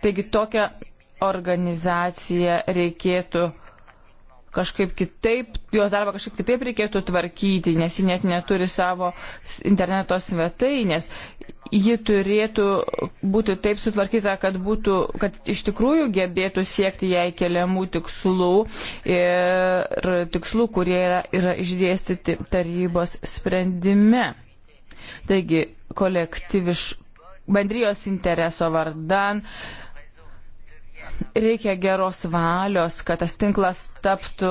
Taigi tokią organizaciją reikėtų kažkaip kitaip, jos darbą kažkaip kitaip reikėtų tvarkyti, nes ji net neturi savo interneto svetainės. Ji turėtų būti taip sutvarkyta, kad, būtų, kad iš tikrųjų gebėtų siekti jai keliamų tikslų ir tikslų, kurie yra, yra išdėstyti tarybos sprendime. Taigi, kolektyviš bendrijos intereso vardan, uh, reikia geros valios, kad tas tinklas taptų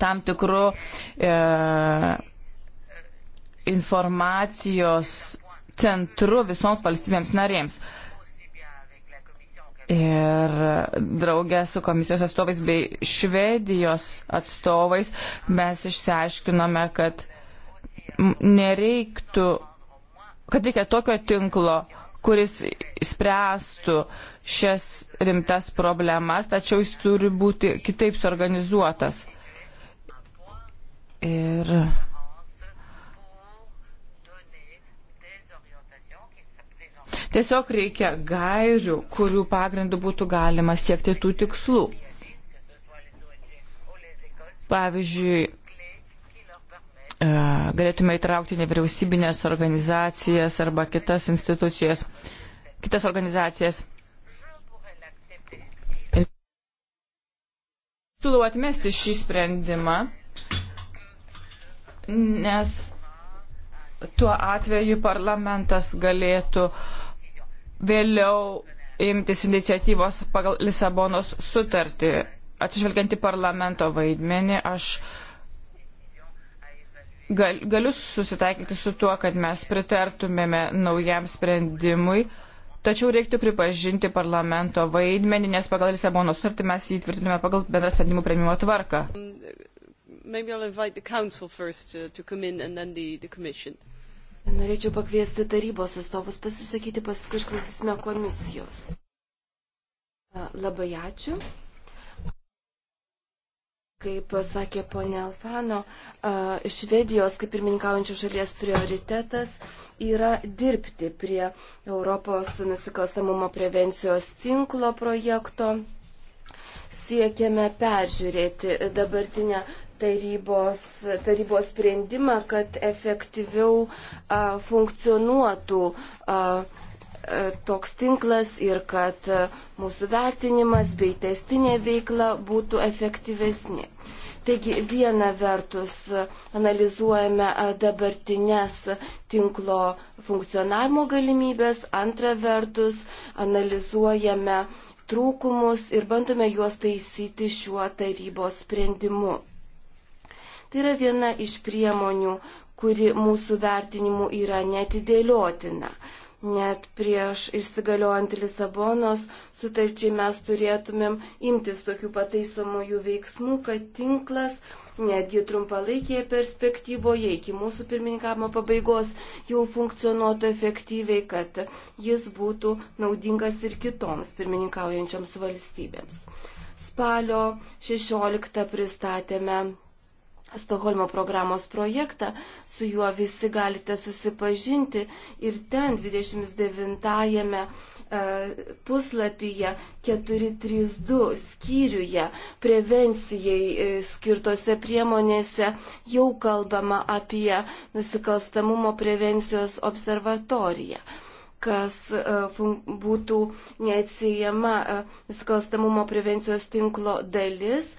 tam tikru e, informacijos centru visoms valstybėms narėms. Ir draugė su komisijos atstovais bei Švedijos atstovais mes išsiaiškinome, kad nereiktų, kad reikia tokio tinklo, kuris spręstų šias rimtas problemas, tačiau jis turi būti kitaip suorganizuotas. Ir tiesiog reikia gairių, kurių pagrindų būtų galima siekti tų tikslų. Pavyzdžiui, E, galėtume įtraukti nevyriausybinės organizacijas arba kitas institucijas, kitas organizacijas. Siūlau atmesti šį sprendimą, nes tuo atveju parlamentas galėtų vėliau imtis iniciatyvos pagal Lisabonos sutartį. Atsižvelgiant į parlamento vaidmenį, aš uh, gal, galiu susitaikyti su tuo, kad mes pritartumėme naujam sprendimui, tačiau reiktų pripažinti parlamento vaidmenį, nes pagal Lisabono sutartį mes jį tvirtiname pagal bendrą sprendimų prieimimo tvarką. Norėčiau pakviesti tarybos atstovus pasisakyti, paskui išklausysime komisijos. Labai ačiū. Kaip sakė ponė Alfano, Švedijos kaip pirmininkaujančios šalies prioritetas yra dirbti prie Europos nusikalstamumo prevencijos tinklo projekto. Siekiame peržiūrėti dabartinę tarybos, tarybos sprendimą, kad efektyviau a, funkcionuotų a, E, toks tinklas ir kad e, mūsų vertinimas bei testinė veikla būtų efektyvesni. Taigi viena vertus e, analizuojame dabartinės tinklo funkcionavimo galimybės, antra vertus analizuojame trūkumus ir bandome juos taisyti šiuo tarybos sprendimu. Tai yra viena iš priemonių, kuri mūsų vertinimu yra netidėliotina. Net prieš įsigaliojant Lisabonos sutarčiai mes turėtumėm imtis tokių pataisomųjų veiksmų, kad tinklas netgi trumpalaikėje perspektyvoje iki mūsų pirmininkavimo pabaigos jau funkcionuotų efektyviai, kad jis būtų naudingas ir kitoms pirmininkaujančioms valstybėms. Spalio 16 pristatėme Stokholmo programos projektą, su juo visi galite susipažinti ir ten 29-ame e, puslapyje 432 skyriuje prevencijai e, skirtose priemonėse jau kalbama apie nusikalstamumo prevencijos observatoriją kas e, būtų neatsijama e, nusikalstamumo prevencijos tinklo dalis,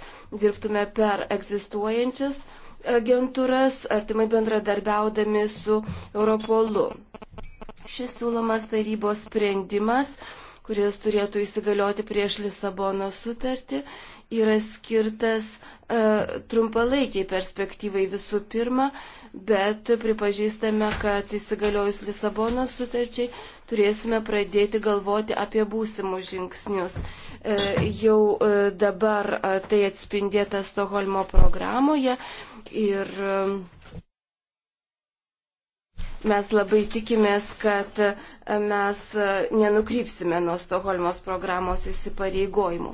dirbtume per egzistuojančias agentūras, artimai bendradarbiaudami su Europolu. Šis siūlomas tarybos sprendimas kuris turėtų įsigalioti prieš Lisabono sutartį, yra skirtas e, trumpalaikiai perspektyvai visų pirma, bet pripažįstame, kad įsigaliojus Lisabono sutarčiai turėsime pradėti galvoti apie būsimus žingsnius. E, jau e, dabar e, tai atspindėta Stoholmo programoje ir e, Mes labai tikimės, kad e, mes e, nenukrypsime nuo Stokholmos programos įsipareigojimų.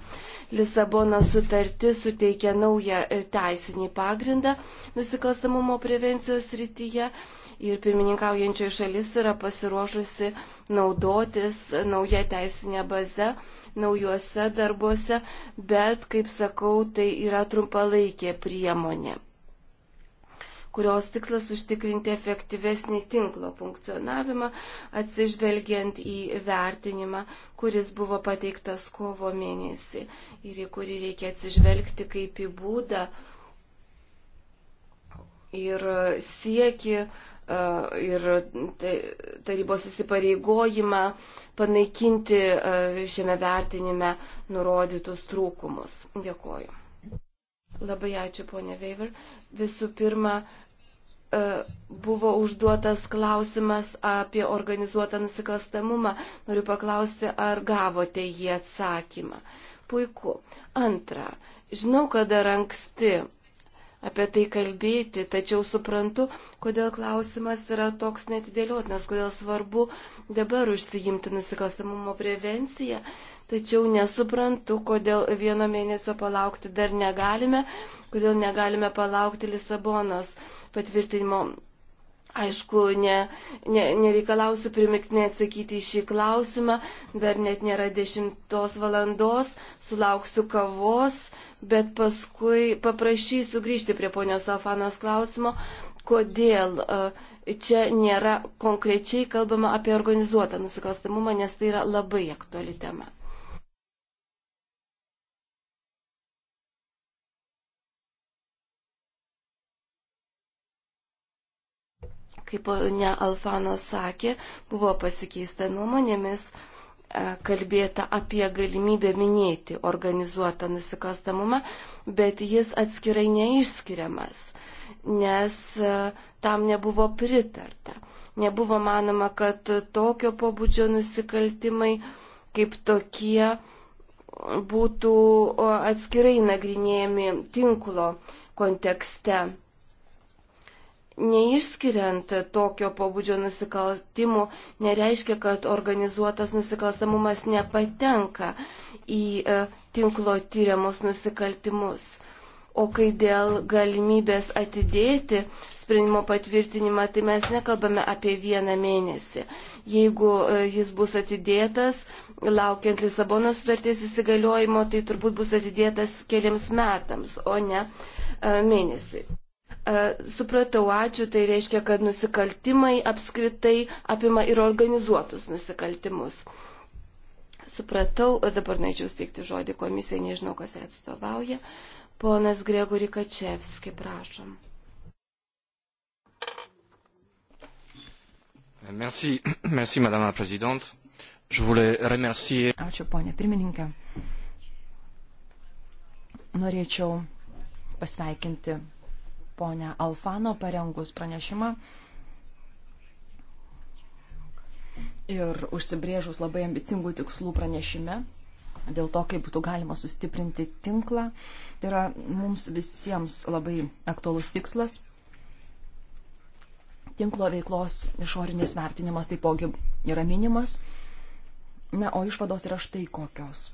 Lisabono sutartis suteikia naują e, teisinį pagrindą nusikalstamumo prevencijos rytyje ir pirmininkaujančioji šalis yra pasiruošusi naudotis nauja teisinė baze naujuose darbuose, bet, kaip sakau, tai yra trumpalaikė priemonė kurios tikslas užtikrinti efektyvesnį tinklo funkcionavimą, atsižvelgiant į vertinimą, kuris buvo pateiktas kovo mėnesį ir į kurį reikia atsižvelgti kaip į būdą ir sieki e, ir tarybos įsipareigojimą panaikinti e, šiame vertinime nurodytus trūkumus. Dėkoju. Labai ačiū, ponė Veiver. Visų pirma, E, buvo užduotas klausimas apie organizuotą nusikalstamumą. Noriu paklausti, ar gavote jį atsakymą. Puiku. Antra, žinau, kad dar anksti apie tai kalbėti, tačiau suprantu, kodėl klausimas yra toks netidėliotinas, kodėl svarbu dabar užsijimti nusikalstamumo prevenciją, tačiau nesuprantu, kodėl vieno mėnesio palaukti dar negalime, kodėl negalime palaukti Lisabonos patvirtinimo. Aišku, ne, ne, nereikalausiu primiktinai atsakyti į šį klausimą, dar net nėra 10 valandos, sulauksiu kavos, bet paskui paprašysiu grįžti prie ponios Alfanos klausimo, kodėl e, čia nėra konkrečiai kalbama apie organizuotą nusikalstamumą, nes tai yra labai aktuali tema. Kaip ne Alfano sakė, buvo pasikeista nuomonėmis, e, kalbėta apie galimybę minėti organizuotą nusikalstamumą, bet jis atskirai neišskiriamas, nes e, tam nebuvo pritarta. Nebuvo manoma, kad tokio pobūdžio nusikaltimai kaip tokie būtų atskirai nagrinėjami tinklo kontekste neišskiriant tokio pobūdžio nusikaltimų, nereiškia, kad organizuotas nusikalstamumas nepatenka į e, tinklo tyriamus nusikaltimus. O kai dėl galimybės atidėti sprendimo patvirtinimą, tai mes nekalbame apie vieną mėnesį. Jeigu e, jis bus atidėtas, laukiant Lisabono sutarties įsigaliojimo, tai turbūt bus atidėtas keliams metams, o ne e, mėnesiui. E, supratau, ačiū, tai reiškia, kad nusikaltimai apskritai apima ir organizuotus nusikaltimus. Supratau, e, dabar norėčiau steigti žodį komisijai, nežinau, kas ją atstovauja. Ponas Gregori Kačevski, prašom. Merci, merci, madame la présidente. Je voulais remercier. Ačiū, ponė pirmininkė. Norėčiau pasveikinti ponę Alfano parengus pranešimą ir užsibrėžus labai ambicingų tikslų pranešime dėl to, kaip būtų galima sustiprinti tinklą. Tai yra mums visiems labai aktuolus tikslas. Tinklo veiklos išorinės vertinimas taipogi yra minimas. Na, o išvados yra štai kokios.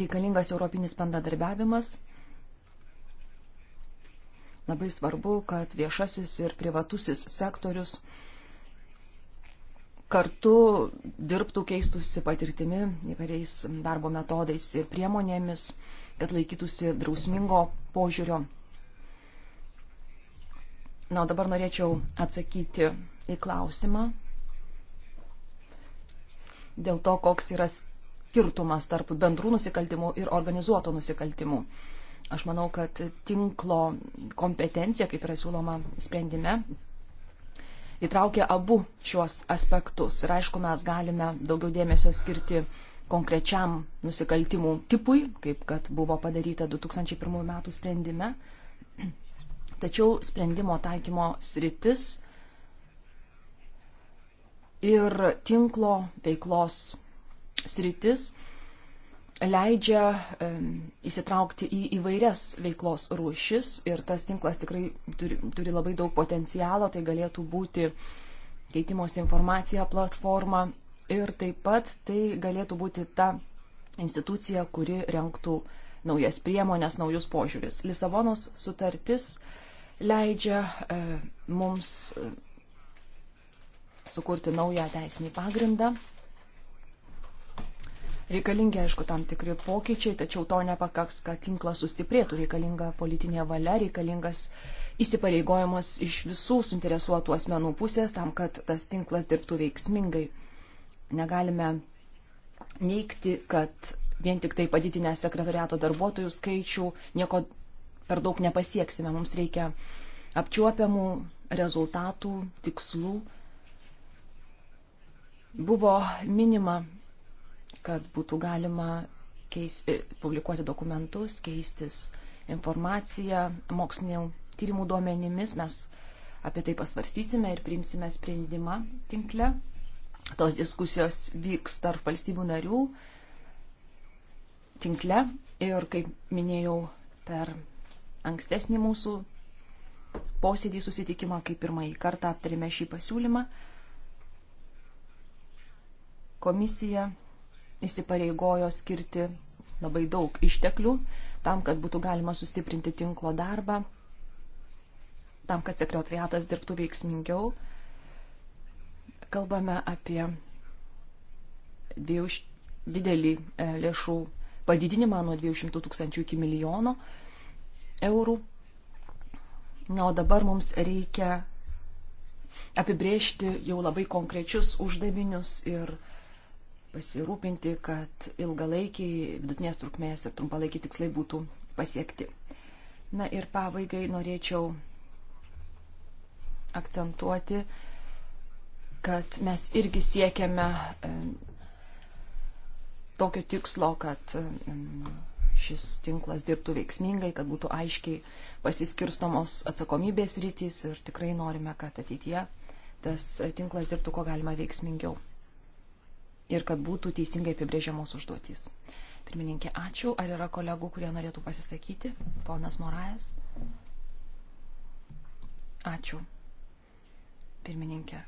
Reikalingas europinis bendradarbiavimas Labai svarbu, kad viešasis ir privatusis sektorius kartu dirbtų keistųsi patirtimi įvairiais darbo metodais ir priemonėmis, kad laikytųsi drausmingo požiūrio. Na, o dabar norėčiau atsakyti į klausimą dėl to, koks yra skirtumas tarp bendrų nusikaltimų ir organizuoto nusikaltimų. Aš manau, kad tinklo kompetencija, kaip yra siūloma sprendime, įtraukia abu šiuos aspektus. Ir aišku, mes galime daugiau dėmesio skirti konkrečiam nusikaltimų tipui, kaip kad buvo padaryta 2001 metų sprendime. Tačiau sprendimo taikymo sritis ir tinklo veiklos sritis leidžia įsitraukti į įvairias veiklos rūšis ir tas tinklas tikrai turi, turi labai daug potencialo, tai galėtų būti keitimosi informacija platforma ir taip pat tai galėtų būti ta institucija, kuri renktų naujas priemonės, naujus požiūris. Lisabonos sutartis leidžia e, mums e, sukurti naują teisinį pagrindą Reikalingi, aišku, tam tikri pokyčiai, tačiau to nepakaks, kad tinklas sustiprėtų, reikalinga politinė valia, reikalingas įsipareigojimas iš visų suinteresuotų asmenų pusės tam, kad tas tinklas dirbtų veiksmingai. Negalime neikti, kad vien tik tai padidinę sekretariato darbuotojų skaičių nieko per daug nepasieksime. Mums reikia apčiuopiamų rezultatų, tikslų. Buvo minima, kad būtų galima keis, e, publikuoti dokumentus, keistis informaciją, mokslinio tyrimų duomenimis. Mes apie tai pasvarstysime ir priimsime sprendimą tinkle. Tos diskusijos vyks tarp valstybių narių tinkle ir, kaip minėjau, per ankstesnį mūsų posėdį susitikimą, kai pirmąjį kartą aptarėme šį pasiūlymą. Komisija įsipareigojo skirti labai daug išteklių tam, kad būtų galima sustiprinti tinklo darbą, tam, kad sekretariatas dirbtų veiksmingiau. Kalbame apie dviejų, didelį e, lėšų padidinimą nuo 200 tūkstančių iki milijono eurų. Na, o dabar mums reikia apibriežti jau labai konkrečius uždavinius ir uždavinius pasirūpinti, kad ilgalaikiai, vidutinės trukmės ir trumpalaikiai tikslai būtų pasiekti. Na ir pabaigai norėčiau akcentuoti, kad mes irgi siekiame tokio tikslo, kad šis tinklas dirbtų veiksmingai, kad būtų aiškiai pasiskirstomos atsakomybės rytis ir tikrai norime, kad ateityje tas tinklas dirbtų ko galima veiksmingiau ir kad būtų teisingai apibrėžiamos užduotys. Pirmininkė, ačiū. Ar yra kolegų, kurie norėtų pasisakyti? Ponas Morajas. Ačiū. Pirmininkė.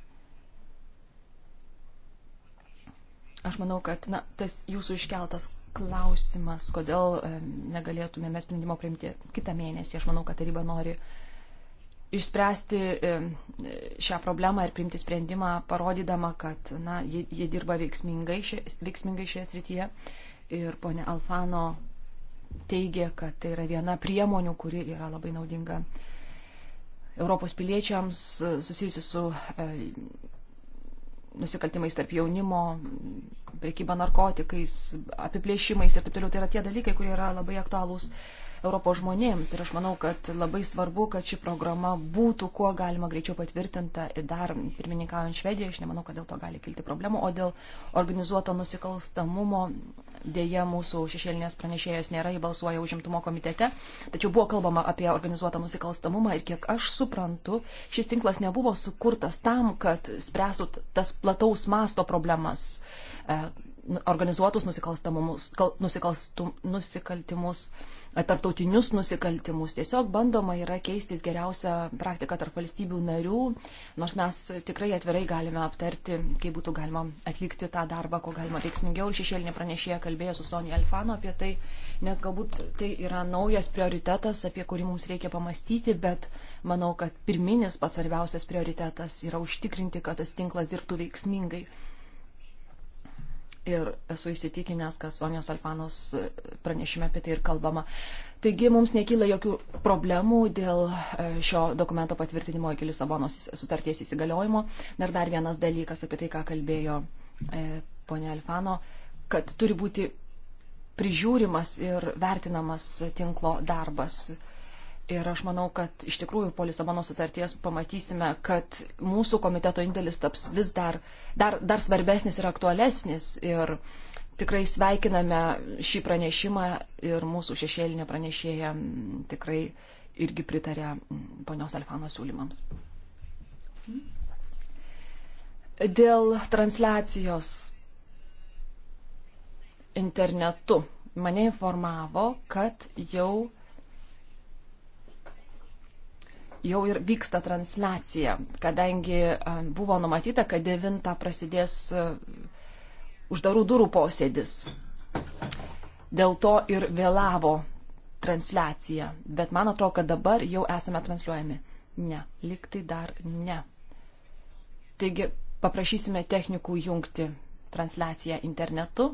Aš manau, kad na, tas jūsų iškeltas klausimas, kodėl negalėtumėme sprendimo priimti kitą mėnesį, aš manau, kad taryba nori uh, išspręsti e, šią problemą ir priimti sprendimą, parodydama, kad na, jie, jie dirba veiksmingai, šie, veiksmingai šioje srityje. Ir ponė Alfano teigia, kad tai yra viena priemonių, kuri yra labai naudinga Europos piliečiams e, susijusi su e, nusikaltimais tarp jaunimo, priekyba narkotikais, apiplėšimais ir taip toliau. Tai yra tie dalykai, kurie yra labai aktualūs Europos žmonėms. Ir aš manau, kad labai svarbu, kad ši programa būtų kuo galima greičiau patvirtinta ir dar pirmininkaujant Švediją, aš nemanau, kad dėl to gali kilti problemų, o dėl organizuoto nusikalstamumo dėja mūsų šešėlinės pranešėjas nėra, jį balsuoja užimtumo komitete. Tačiau buvo kalbama apie organizuotą nusikalstamumą ir kiek aš suprantu, šis tinklas nebuvo sukurtas tam, kad spręstų tas plataus masto problemas e, Nu, organizuotus nusikaltimus, e, tarptautinius nusikaltimus. Tiesiog bandoma yra keistis geriausią praktiką tarp valstybių narių, nors mes tikrai atvirai galime aptarti, kaip būtų galima atlikti tą darbą, ko galima veiksmingiau. Ir šešėlinė pranešėja kalbėjo su Sonija Alfano apie tai, nes galbūt tai yra naujas prioritetas, apie kurį mums reikia pamastyti, bet manau, kad pirminis pats svarbiausias prioritetas yra užtikrinti, kad tas tinklas dirbtų veiksmingai Ir esu įsitikinęs, kad Sonijos Alpanos pranešime apie tai ir kalbama. Taigi mums nekyla jokių problemų dėl e, šio dokumento patvirtinimo iki Lisabonos sutarties įsigaliojimo. Ir dar vienas dalykas apie tai, ką kalbėjo e, ponė Alfano, kad turi būti prižiūrimas ir vertinamas tinklo darbas. Ir aš manau, kad iš tikrųjų po Lisabono sutarties pamatysime, kad mūsų komiteto indėlis taps vis dar, dar, dar svarbesnis ir aktualesnis. Ir tikrai sveikiname šį pranešimą ir mūsų šešėlinė pranešėja tikrai irgi pritarė ponios Alfano siūlymams. Dėl transliacijos internetu mane informavo, kad jau jau ir vyksta transliacija, kadangi buvo numatyta, kad 9 prasidės uždarų durų posėdis. Dėl to ir vėlavo transliacija. Bet man atrodo, kad dabar jau esame transliuojami. Ne, liktai dar ne. Taigi paprašysime technikų jungti transliaciją internetu.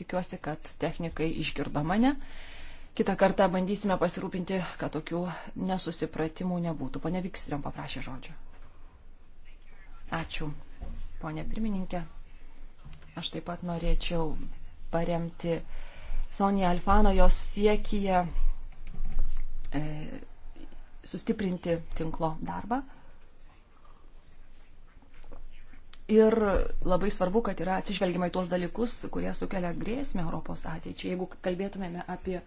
Tikiuosi, kad technikai išgirdo mane. Uh, Kita kartą bandysime pasirūpinti, kad tokių nesusipratimų nebūtų. Pane Vikstriam paprašė žodžio. Ačiū, ponė pirmininkė. Aš taip pat norėčiau paremti Sonija Alfano jos siekyje e, sustiprinti tinklo darbą. Ir labai svarbu, kad yra atsižvelgiama į tuos dalykus, kurie sukelia grėsmę Europos ateičiai. Jeigu kalbėtumėme apie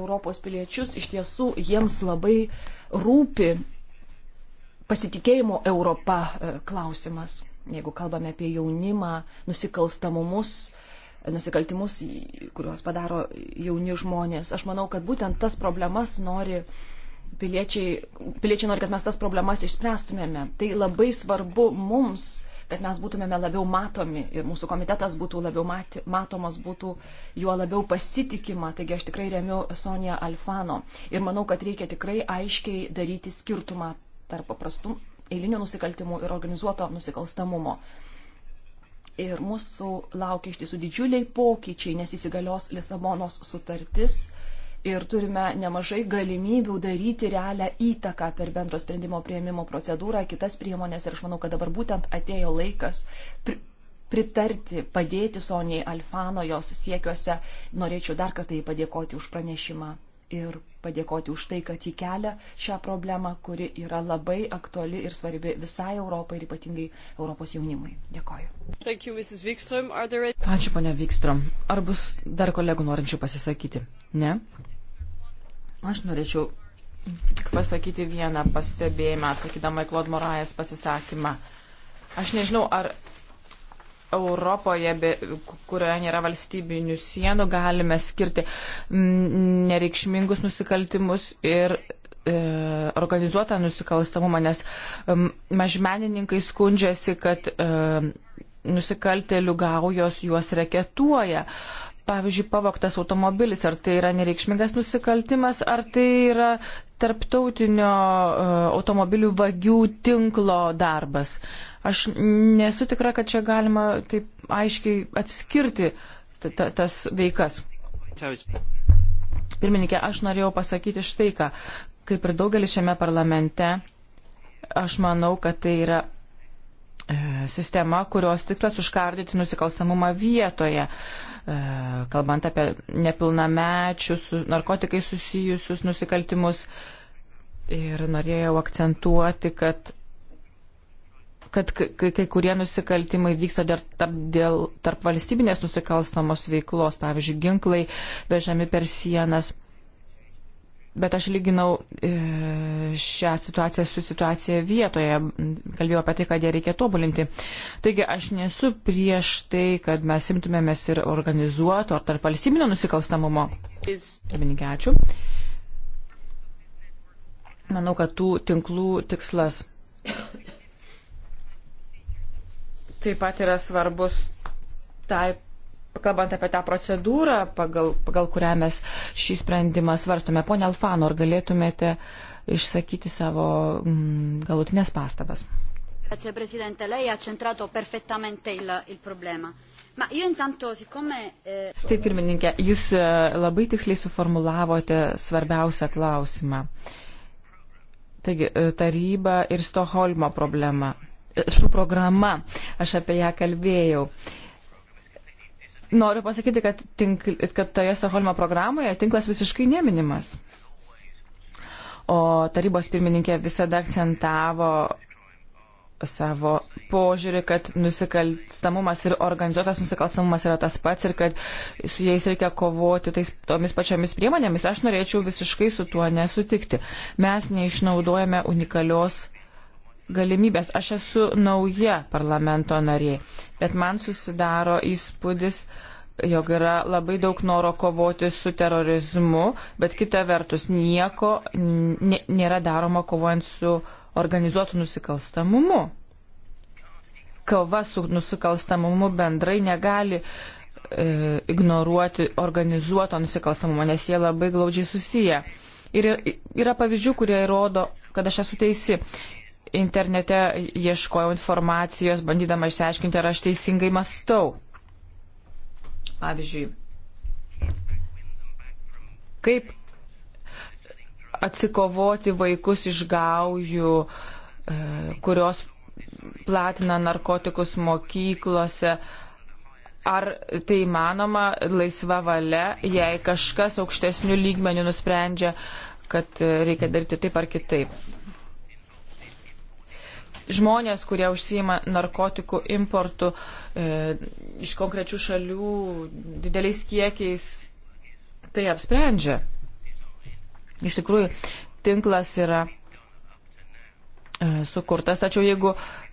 Europos piliečius, iš tiesų jiems labai rūpi pasitikėjimo Europa e, klausimas. Jeigu kalbame apie jaunimą, nusikalstamumus, nusikaltimus, kuriuos padaro jauni žmonės, aš manau, kad būtent tas problemas nori piliečiai, piliečiai nori, kad mes tas problemas išspręstumėme. Tai labai svarbu mums kad mes būtumėme labiau matomi ir mūsų komitetas būtų labiau mati, matomas, būtų juo labiau pasitikima. Taigi aš tikrai remiu Sonia Alfano ir manau, kad reikia tikrai aiškiai daryti skirtumą tarp paprastų eilinių nusikaltimų ir organizuoto nusikalstamumo. Ir mūsų laukia iš tiesų didžiuliai pokyčiai, nes įsigalios Lisabonos sutartis ir turime nemažai galimybių daryti realią įtaką per bendro sprendimo prieimimo procedūrą, kitas priemonės ir aš manau, kad dabar būtent atėjo laikas pritarti, padėti Sonijai Alfano jos siekiuose. Norėčiau dar kartą jai padėkoti už pranešimą ir padėkoti už tai, kad jį kelia šią problemą, kuri yra labai aktuali ir svarbi visai Europai ir ypatingai Europos jaunimui. Dėkoju. You, there... Ačiū, ponia Vikstrom. Ar bus dar kolegų norinčių pasisakyti? Ne? Aš norėčiau tik pasakyti vieną pastebėjimą, atsakydama į Klod Morajas pasisakymą. Aš nežinau, ar Europoje, be, kurioje nėra valstybinių sienų, galime skirti nereikšmingus nusikaltimus ir e, organizuotą nusikalstamumą, nes mažmenininkai skundžiasi, kad e, nusikaltelių gaujos juos reketuoja pavyzdžiui, pavoktas automobilis, ar tai yra nereikšmingas nusikaltimas, ar tai yra tarptautinio e, automobilių vagių tinklo darbas. Aš nesu tikra, kad čia galima taip aiškiai atskirti tas veikas. Pirmininkė, aš norėjau pasakyti štai ką. Kaip ir daugelis šiame parlamente, aš manau, kad tai yra E, sistema, kurios tikslas užkardyti nusikalstamumą vietoje, e, kalbant apie nepilnamečius, narkotikai susijusius nusikaltimus. Ir norėjau akcentuoti, kad kad kai, kai kurie nusikaltimai vyksta dar tarp, dėl tarp valstybinės nusikalstamos veiklos, pavyzdžiui, ginklai vežami per sienas. Bet aš lyginau e, šią situaciją su situacija vietoje, kalbėjau apie tai, kad ją reikia tobulinti. Taigi aš nesu prieš tai, kad mes imtumėmės ir organizuoto ar tarp valstybinio nusikalstamumo. Pirmininkė, ačiū. Manau, kad tų tinklų tikslas taip pat yra svarbus tai kalbant apie tą procedūrą, pagal, pagal kurią mes šį sprendimą svarstome. Pone Alfano, ar galėtumėte išsakyti savo mm, galutinės pastabas? Grazie Presidente, lei ha centrato perfettamente il, il problema. Ma io intanto, siccome... Eh... Taip, pirmininkė, jūs e, labai tiksliai suformulavote svarbiausią klausimą. Taigi, e, taryba ir Stoholmo problema. Šių e, programa, aš apie ją kalbėjau. Eh, noriu pasakyti, kad, tinkl, kad toje Stokholmo programoje tinklas visiškai neminimas. O tarybos pirmininkė visada akcentavo savo požiūrį, kad nusikalstamumas ir organizuotas nusikalstamumas yra tas pats ir kad su jais reikia kovoti tais, tomis pačiomis priemonėmis. Aš norėčiau visiškai su tuo nesutikti. Mes neišnaudojame unikalios galimybės. Aš esu nauja parlamento narė, bet man susidaro įspūdis, jog yra labai daug noro kovoti su terorizmu, bet kita vertus nieko nėra daroma kovojant su organizuotu nusikalstamumu. Kova su nusikalstamumu bendrai negali e, ignoruoti organizuoto nusikalstamumo, nes jie labai glaudžiai susiję. Ir yra pavyzdžių, kurie įrodo, kad aš esu teisi internete ieškojau informacijos, bandydama išsiaiškinti, ar aš teisingai mastau. Pavyzdžiui, kaip atsikovoti vaikus iš gaujų, e, kurios platina narkotikus mokyklose. Ar tai manoma laisva valia, jei kažkas aukštesnių lygmenių nusprendžia, kad e, reikia daryti taip ar kitaip? žmonės, kurie užsima narkotikų importų e, iš konkrečių šalių dideliais kiekiais, tai apsprendžia. Iš tikrųjų, tinklas yra e, sukurtas, tačiau jeigu e,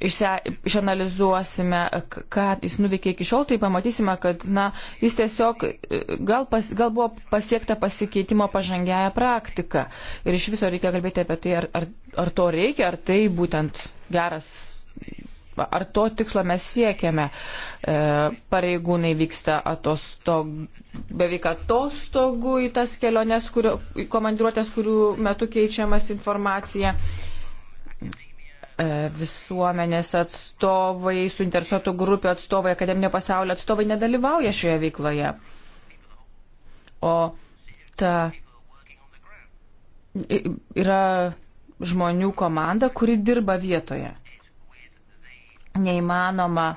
išsia, išanalizuosime, ką jis nuveikė iki šiol, tai pamatysime, kad na, jis tiesiog gal, pas, gal buvo pasiekta pasikeitimo pažangiaja praktika. Ir iš viso reikia kalbėti apie tai, ar, ar, ar to reikia, ar tai būtent geras. Ar to tikslo mes siekiame? E, pareigūnai vyksta atostog, beveik atostogų į tas keliones, kurio, komandiruotės, kurių metu keičiamas informacija. E, E, visuomenės atstovai, suinteresuotų grupių atstovai, akademinio pasaulio atstovai nedalyvauja šioje veikloje. O ta yra žmonių komanda, kuri dirba vietoje. Neįmanoma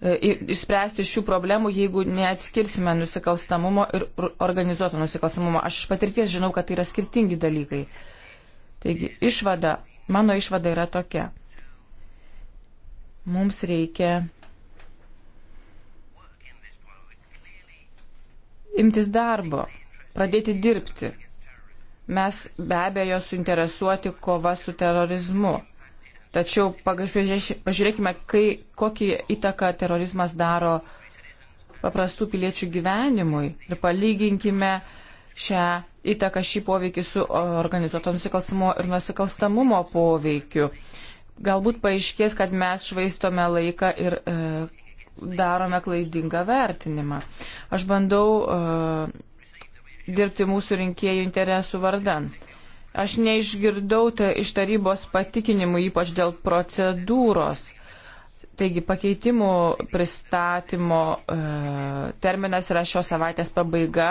e, išspręsti šių problemų, jeigu neatskirsime nusikalstamumo ir organizuoto nusikalstamumo. Aš iš patirties žinau, kad tai yra skirtingi dalykai. Uh, Taigi, išvada, mano išvada yra tokia. Mums reikia imtis darbo, pradėti dirbti. Mes be abejo suinteresuoti kova su terorizmu. Tačiau pažiūrėkime, kai, kokį įtaką terorizmas daro paprastų piliečių gyvenimui ir palyginkime uh, šią įtaką, šį poveikį su organizuoto nusikalstamo ir nusikalstamumo poveikiu. Galbūt paaiškės, kad mes švaistome laiką ir e, darome klaidingą vertinimą. Aš bandau e, dirbti mūsų rinkėjų interesų vardan. Aš neišgirdau tai iš tarybos patikinimų, ypač dėl procedūros Taigi pakeitimų pristatymo e, terminas yra šios savaitės pabaiga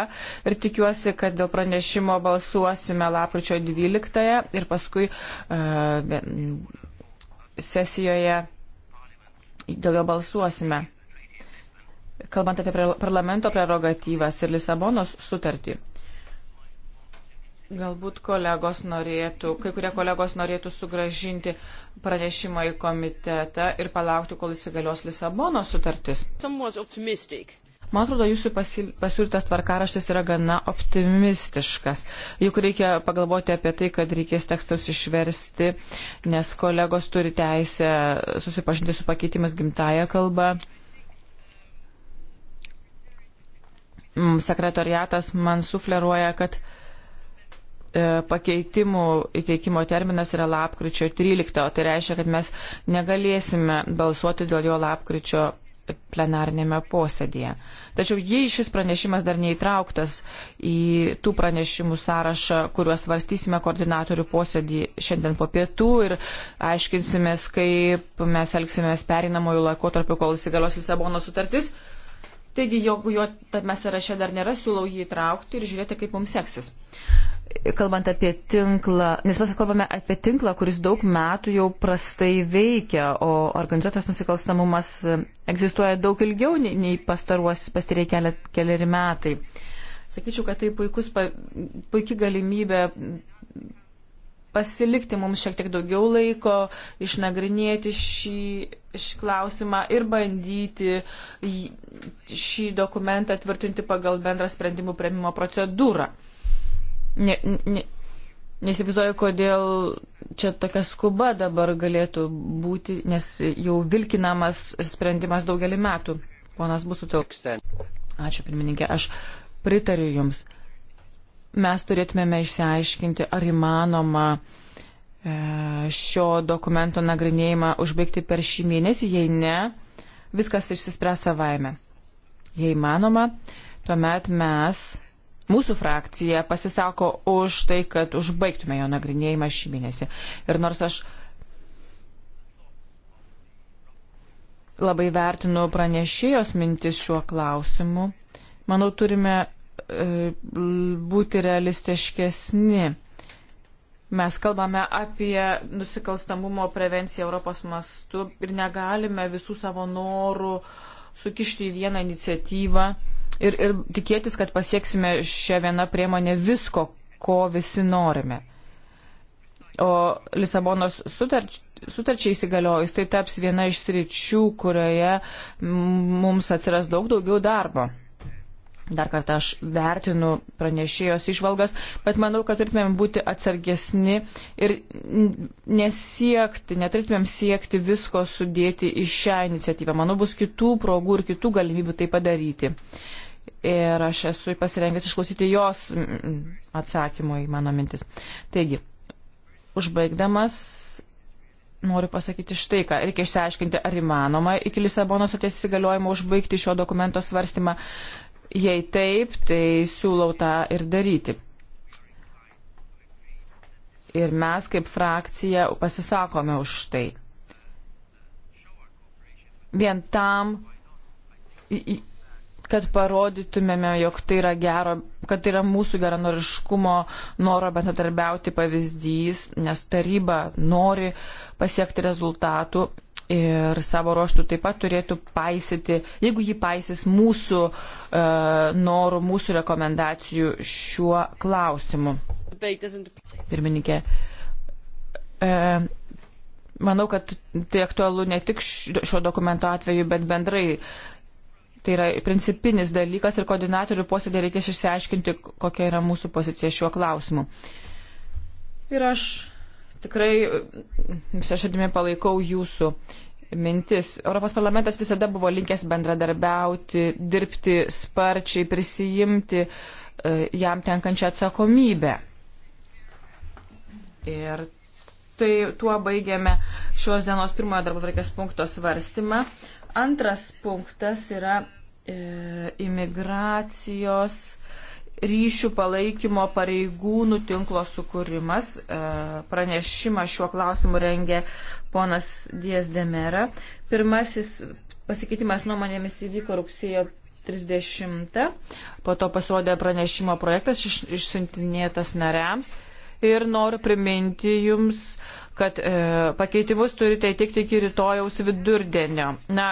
ir tikiuosi, kad dėl pranešimo balsuosime lapkričio 12 ir paskui e, sesijoje dėl jo balsuosime. Kalbant apie parlamento prerogatyvas ir Lisabonos sutartį. Galbūt kolegos norėtų, kai kurie kolegos norėtų sugražinti pranešimą į komitetą ir palaukti, kol įsigalios Lisabonos sutartis. Man atrodo, jūsų pasiūlytas tvarkaraštis yra gana optimistiškas. Juk reikia pagalvoti apie tai, kad reikės tekstus išversti, nes kolegos turi teisę susipažinti su pakeitimas gimtaja kalba. Mm, sekretariatas man sufleruoja, kad uh, E, pakeitimų įteikimo terminas yra lapkričio 13, o tai reiškia, kad mes negalėsime balsuoti dėl jo lapkričio plenarnėme posėdėje. Tačiau jei šis pranešimas dar neįtrauktas į tų pranešimų sąrašą, kuriuos svarstysime koordinatorių posėdį šiandien po pietų ir aiškinsimės, kaip mes elgsimės perinamojų laikotarpiu, kol įsigalios Lisabono sutartis, Taigi, jeigu jo tame sąraše dar nėra, siūlau jį įtraukti ir žiūrėti, kaip mums seksis kalbant apie tinklą, nes mes kalbame apie tinklą, kuris daug metų jau prastai veikia, o organizuotas nusikalstamumas egzistuoja daug ilgiau nei, nei pastaruosius pastarėjai keli, keliari metai. Sakyčiau, kad tai puikus, puikia galimybė pasilikti mums šiek tiek daugiau laiko, išnagrinėti šį, šį klausimą ir bandyti šį dokumentą tvirtinti pagal bendrą sprendimų prieimimo procedūrą ne, ne, Nesivizduoju, kodėl čia tokia skuba dabar galėtų būti, nes jau vilkinamas sprendimas daugelį metų. Ponas Busutil. Ačiū, pirmininkė. Aš pritariu Jums. Mes turėtumėme išsiaiškinti, ar įmanoma e, šio dokumento nagrinėjimą užbaigti per šį mėnesį. Jei ne, viskas išsispręs savaime. Jei įmanoma, tuomet mes Mūsų frakcija pasisako už tai, kad užbaigtume jo nagrinėjimą šį mėnesį. Ir nors aš labai vertinu pranešėjos mintis šiuo klausimu, manau, turime e, būti realistiškesni. Mes kalbame apie nusikalstamumo prevenciją Europos mastu ir negalime visų savo norų sukišti į vieną iniciatyvą ir, ir tikėtis, kad pasieksime šią vieną priemonę visko, ko visi norime. O Lisabonos sutarč, sutarčiai įsigaliojus, tai taps viena iš sričių, kurioje mums atsiras daug daugiau darbo. Dar kartą aš vertinu pranešėjos išvalgas, bet manau, kad turėtumėm būti atsargesni ir nesiekti, neturėtumėm siekti visko sudėti į šią iniciatyvą. Manau, bus kitų progų ir kitų galimybių tai padaryti. Uh, ir aš esu pasirengęs išklausyti jos atsakymo į mano mintis. Taigi, užbaigdamas noriu pasakyti štai ką. Reikia išsiaiškinti, ar įmanoma iki Lisabono suties įsigaliojimo užbaigti šio dokumento svarstymą. Jei taip, tai siūlau tą ir daryti. Ir mes kaip frakcija pasisakome už tai. Vien tam kad parodytumėme, jog tai yra, gero, kad tai yra mūsų geranoriškumo noro bendradarbiauti pavyzdys, nes taryba nori pasiekti rezultatų ir savo ruoštų taip pat turėtų paisyti, jeigu ji paisys mūsų e, norų, mūsų rekomendacijų šiuo klausimu. Pirmininkė, e, manau, kad tai aktualu ne tik šio dokumento atveju, bet bendrai Tai yra principinis dalykas ir koordinatorių posėdė reikės išsiaiškinti, kokia yra mūsų pozicija šiuo klausimu. Ir aš tikrai mm, visą širdimi palaikau jūsų mintis. Europos parlamentas visada buvo linkęs bendradarbiauti, dirbti sparčiai, prisijimti e, jam tenkančią atsakomybę. Ir tai tuo baigiame šios dienos pirmojo darbo tvarkės punkto svarstymą. Antras punktas yra e, imigracijos ryšių palaikymo pareigūnų tinklo sukūrimas. E, pranešimą šiuo klausimu rengė ponas Dies Demera. Pirmasis pasikeitimas nuomonėmis įvyko rugsėjo 30. Po to pasirodė pranešimo projektas iš, išsintinėtas nariams. Ir noriu priminti jums kad e, pakeitimus turite įtikti iki rytojaus vidurdienio. Na,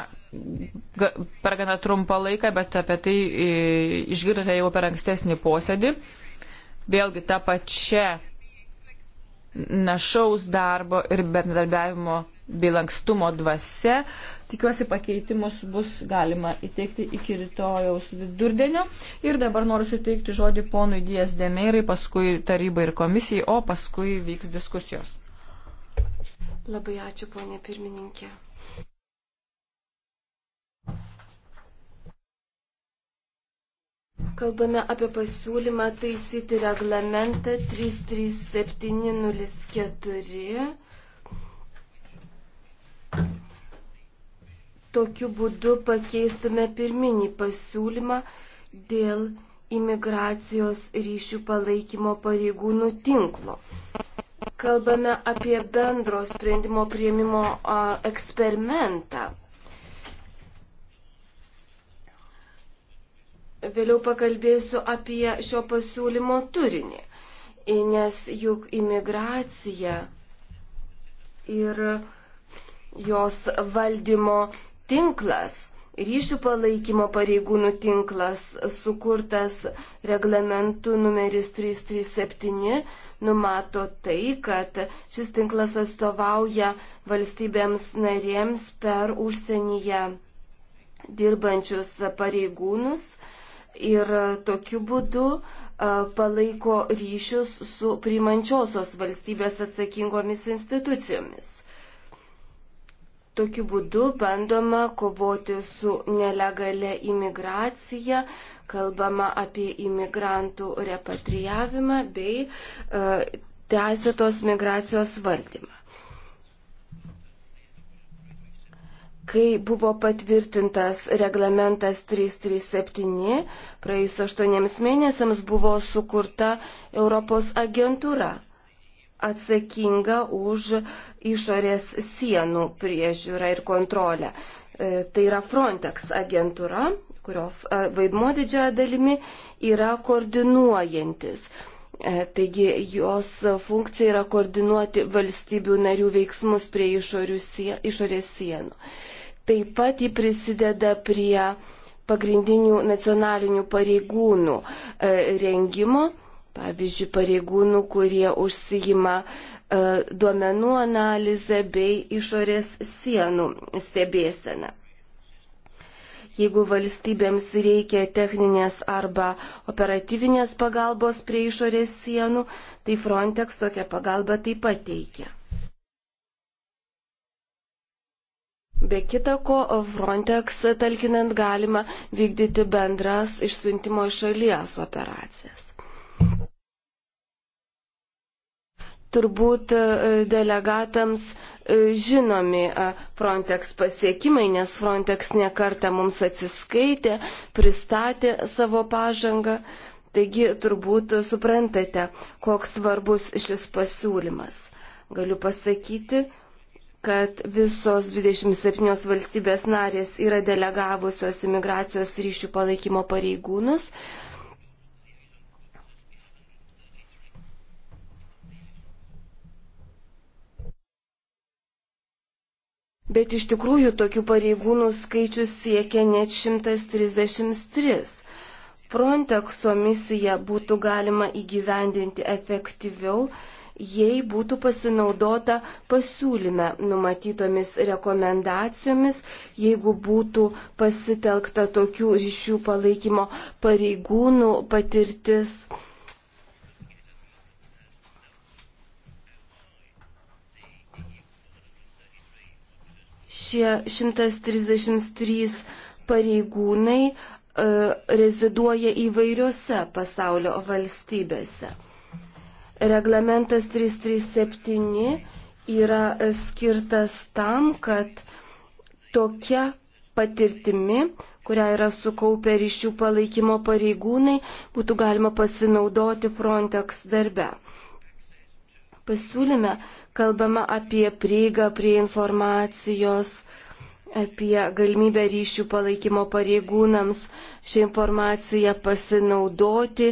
per gana trumpą laiką, bet apie tai e, išgirdote jau per ankstesnį posėdį. Vėlgi tą pačią našaus darbo ir bendradarbiavimo bei lankstumo dvasia. Tikiuosi pakeitimus bus galima įteikti iki rytojaus vidurdienio. Ir dabar noriu suteikti žodį ponui Dijas Demeirai, paskui tarybai ir komisijai, o paskui vyks diskusijos. Labai ačiū, ponė pirmininkė. Kalbame apie pasiūlymą taisyti reglamentą 33704. Tokiu būdu pakeistume pirminį pasiūlymą dėl imigracijos ryšių palaikymo pareigūnų tinklo kalbame apie bendro sprendimo prieimimo eksperimentą. Vėliau pakalbėsiu apie šio pasiūlymo turinį, nes juk imigracija ir jos valdymo tinklas ryšių palaikymo pareigūnų tinklas, sukurtas reglamentu numeris 337, numato tai, kad šis tinklas atstovauja valstybėms narėms per užsienyje dirbančius pareigūnus ir tokiu būdu palaiko ryšius su priimančiosios valstybės atsakingomis institucijomis. Tokiu būdu bandoma kovoti su nelegalia imigracija, kalbama apie imigrantų repatrijavimą bei e, teisėtos migracijos valdymą. Kai buvo patvirtintas reglamentas 337, praėjus aštuoniems mėnesiams buvo sukurta Europos agentūra atsakinga už išorės sienų priežiūrą ir kontrolę. E, tai yra Frontex agentūra, kurios e, vaidmuo didžiąją dalimi yra koordinuojantis. E, taigi jos funkcija yra koordinuoti valstybių narių veiksmus prie išorės sienų. Taip pat ji prisideda prie pagrindinių nacionalinių pareigūnų rengimo pavyzdžiui, pareigūnų, kurie užsijima e, duomenų analizę bei išorės sienų stebėseną. Jeigu valstybėms reikia techninės arba operatyvinės pagalbos prie išorės sienų, tai Frontex tokią pagalbą taip pat teikia. Be kita ko, Frontex talkinant galima vykdyti bendras išsiuntimo šalies operacijas. turbūt e, delegatams e, žinomi e, Frontex pasiekimai, nes Frontex nekarta mums atsiskaitė, pristatė savo pažangą. Taigi turbūt suprantate, koks svarbus šis pasiūlymas. Galiu pasakyti, kad visos 27 valstybės narės yra delegavusios imigracijos ryšių palaikymo pareigūnus bet iš tikrųjų tokių pareigūnų skaičius siekia net 133. Frontexo misiją būtų galima įgyvendinti efektyviau, jei būtų pasinaudota pasiūlyme numatytomis rekomendacijomis, jeigu būtų pasitelkta tokių ryšių palaikymo pareigūnų patirtis. šie 133 pareigūnai e, reziduoja įvairiose pasaulio valstybėse. Reglamentas 337 yra skirtas tam, kad tokia patirtimi, kurią yra sukaupę ryšių palaikymo pareigūnai, būtų galima pasinaudoti Frontex darbe pasiūlyme kalbama apie prieigą prie informacijos, apie galimybę ryšių palaikymo pareigūnams šią informaciją pasinaudoti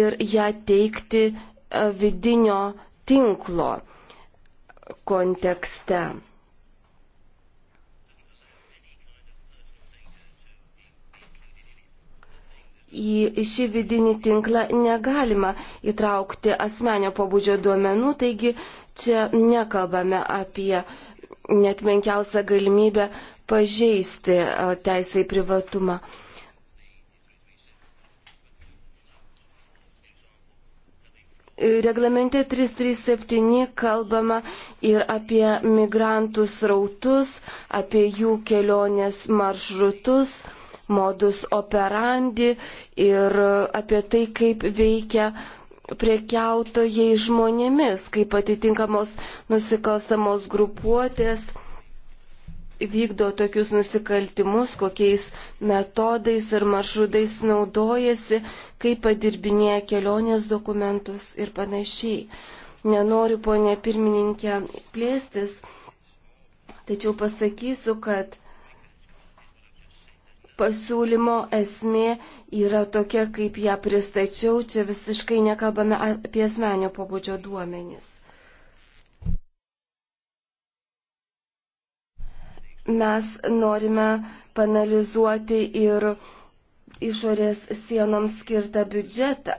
ir ją teikti e, vidinio tinklo kontekste. į šį vidinį tinklą negalima įtraukti asmenio pobūdžio duomenų, taigi čia nekalbame apie net menkiausią galimybę pažeisti teisę į privatumą. Reglamente 337 kalbama ir apie migrantų srautus, apie jų kelionės maršrutus modus operandi ir apie tai, kaip veikia priekiautojai žmonėmis, kaip atitinkamos nusikalstamos grupuotės vykdo tokius nusikaltimus, kokiais metodais ir maršrutais naudojasi, kaip padirbinėja kelionės dokumentus ir panašiai. Nenoriu, ponė pirmininkė, plėstis, tačiau pasakysiu, kad pasiūlymo esmė yra tokia, kaip ją pristačiau, čia visiškai nekalbame apie asmenio pobūdžio duomenys. Mes norime panalizuoti ir išorės sienoms skirtą biudžetą,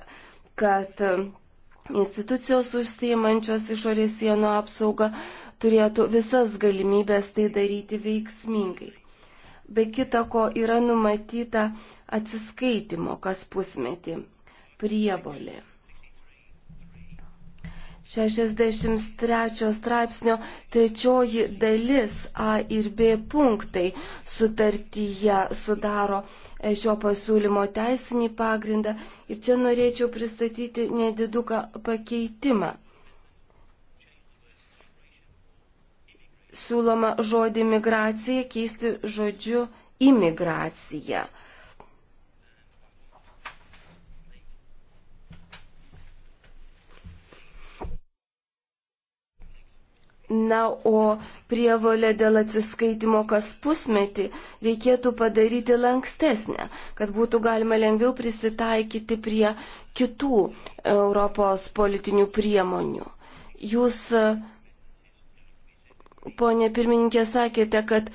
kad institucijos užsiimančios išorės sienų apsaugą turėtų visas galimybės tai daryti veiksmingai be kita ko yra numatyta atsiskaitimo kas pusmetį prievolė. 63 straipsnio trečioji dalis A ir B punktai sutartyje sudaro e, šio pasiūlymo teisinį pagrindą ir čia norėčiau pristatyti nediduką pakeitimą. siūloma žodį migracija keisti žodžiu imigracija. Na, o prievolę dėl atsiskaitimo kas pusmetį reikėtų padaryti lankstesnę, kad būtų galima lengviau prisitaikyti prie kitų Europos politinių priemonių. Jūs uh, ponė pirmininkė, sakėte, kad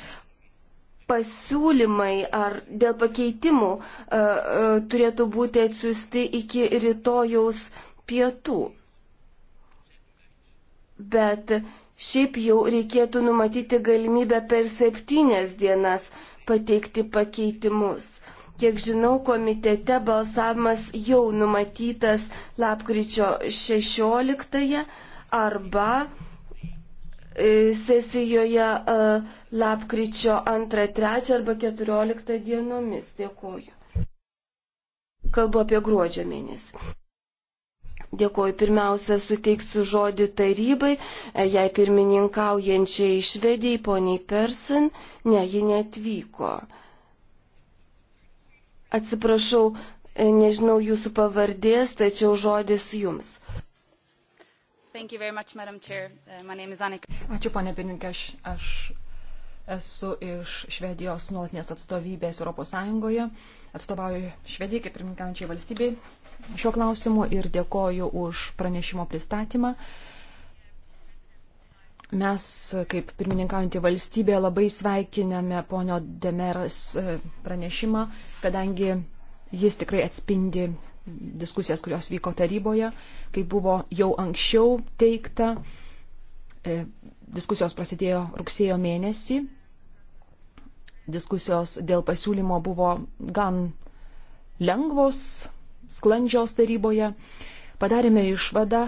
pasiūlymai ar dėl pakeitimų uh, uh, turėtų būti atsiųsti iki rytojaus pietų. Bet šiaip jau reikėtų numatyti galimybę per septynias dienas pateikti pakeitimus. Kiek žinau, komitete balsavimas jau numatytas lapkričio 16 arba uh, E, sesijoje e, lapkričio 2, 3 arba 14 dienomis. Dėkoju. Kalbu apie gruodžio mėnesį. Dėkoju. Pirmiausia, suteiksiu žodį tarybai, e, jai pirmininkaujančiai švediai, poniai Persin, ne, ji netvyko. Atsiprašau, nežinau jūsų pavardės, tačiau žodis jums. Much, uh, Ačiū, ponė pirmininkė, aš, aš esu iš Švedijos nuolatinės atstovybės ES, atstovauju Švedijai kaip pirmininkaujančiai valstybei šiuo klausimu ir dėkoju už pranešimo pristatymą. Mes, kaip pirmininkaujantį valstybę, labai sveikiname ponio Demeras e, pranešimą, kadangi jis tikrai atspindi diskusijas, kurios vyko taryboje, kai buvo jau anksčiau teikta. E, diskusijos prasidėjo rugsėjo mėnesį. Diskusijos dėl pasiūlymo buvo gan lengvos, sklandžios taryboje. Padarėme išvadą,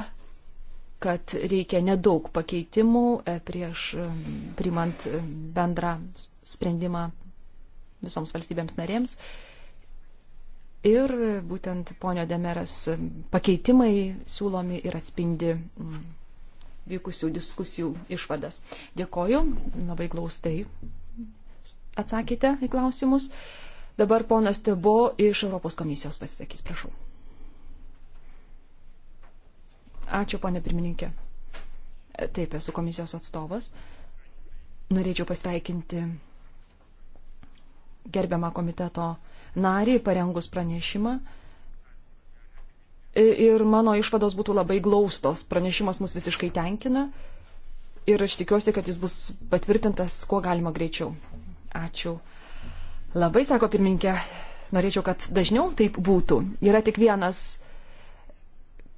kad reikia nedaug pakeitimų e, prieš e, primant bendrą sprendimą visoms valstybėms narėms. Ir būtent ponio Demeras pakeitimai siūlomi ir atspindi vykusių diskusijų išvadas. Dėkoju, labai glaustai atsakėte į klausimus. Dabar ponas Tebo iš Europos komisijos pasisakys, prašau. Ačiū, ponė pirmininkė. Taip, esu komisijos atstovas. Norėčiau pasveikinti gerbiamą komiteto uh, nariai parengus pranešimą. Ir mano išvados būtų labai glaustos. Pranešimas mus visiškai tenkina. Ir aš tikiuosi, kad jis bus patvirtintas kuo galima greičiau. Ačiū. Labai, sako pirminkė, norėčiau, kad dažniau taip būtų. Yra tik vienas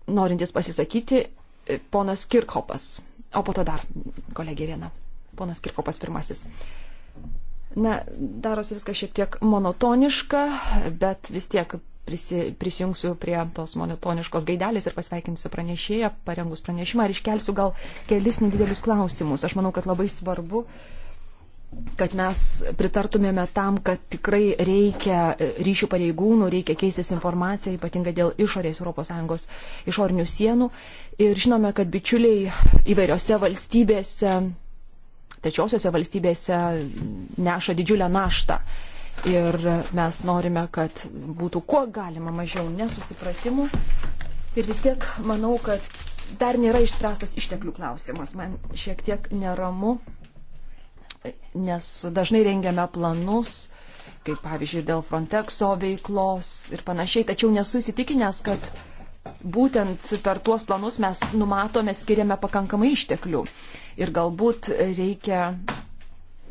norintis pasisakyti, ponas Kirkhopas. O po to dar kolegė viena. Ponas Kirkopas pirmasis. Na, darosi viskas šiek tiek monotoniška, bet vis tiek prisi, prisijungsiu prie tos monotoniškos gaidelės ir pasveikinsiu pranešėją, parengus pranešimą ir iškelsiu gal kelis nedidelius klausimus. Aš manau, kad labai svarbu kad mes pritartumėme tam, kad tikrai reikia ryšių pareigūnų, reikia keistis informaciją, ypatingai dėl išorės ES išorinių sienų. Ir žinome, kad bičiuliai įvairiose valstybėse trečiosiose valstybėse neša didžiulę naštą. Ir mes norime, kad būtų kuo galima mažiau nesusipratimų. Ir vis tiek manau, kad dar nėra išspręstas išteklių klausimas. Man šiek tiek neramu, nes dažnai rengiame planus, kaip pavyzdžiui, dėl Frontexo veiklos ir panašiai, tačiau nesu įsitikinęs, kad būtent per tuos planus mes numatome, skiriame pakankamai išteklių. Ir galbūt reikia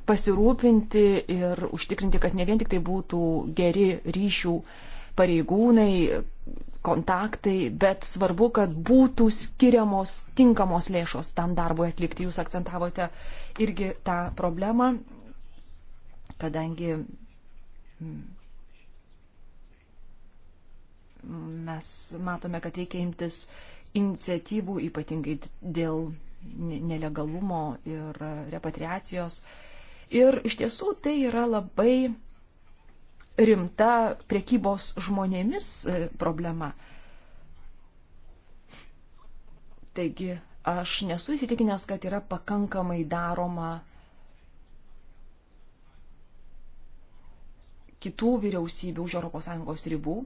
pasirūpinti ir užtikrinti, kad ne vien tik tai būtų geri ryšių pareigūnai, kontaktai, bet svarbu, kad būtų skiriamos tinkamos lėšos tam darbui atlikti. Jūs akcentavote irgi tą problemą, kadangi mes matome, kad reikia imtis iniciatyvų, ypatingai dėl nelegalumo ir repatriacijos. Ir iš tiesų tai yra labai rimta priekybos žmonėmis e, problema. Taigi aš nesu įsitikinęs, kad yra pakankamai daroma kitų vyriausybių už ES ribų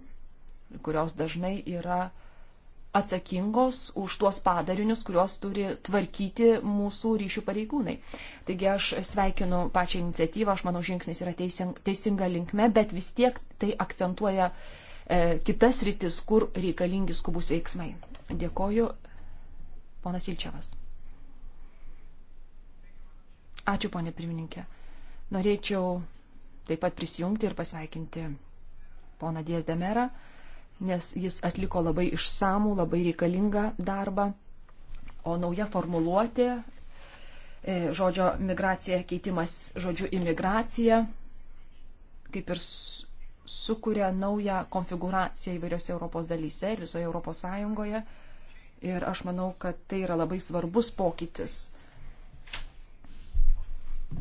kurios dažnai yra atsakingos už tuos padarinius, kuriuos turi tvarkyti mūsų ryšių pareigūnai. Taigi aš sveikinu pačią iniciatyvą, aš manau žingsnis yra teisinga linkme, bet vis tiek tai akcentuoja e, kitas rytis, kur reikalingi skubus veiksmai. Dėkoju, ponas Ilčiavas. Ačiū, ponė pirmininkė. Norėčiau taip pat prisijungti ir pasveikinti poną Diezdemerą. Demerą nes jis atliko labai išsamų, labai reikalingą darbą. O nauja formuluotė e, žodžio migracija keitimas žodžiu imigracija kaip ir sukuria naują konfiguraciją įvairiose Europos dalyse ir visoje Europos Sąjungoje. Ir aš manau, kad tai yra labai svarbus pokytis,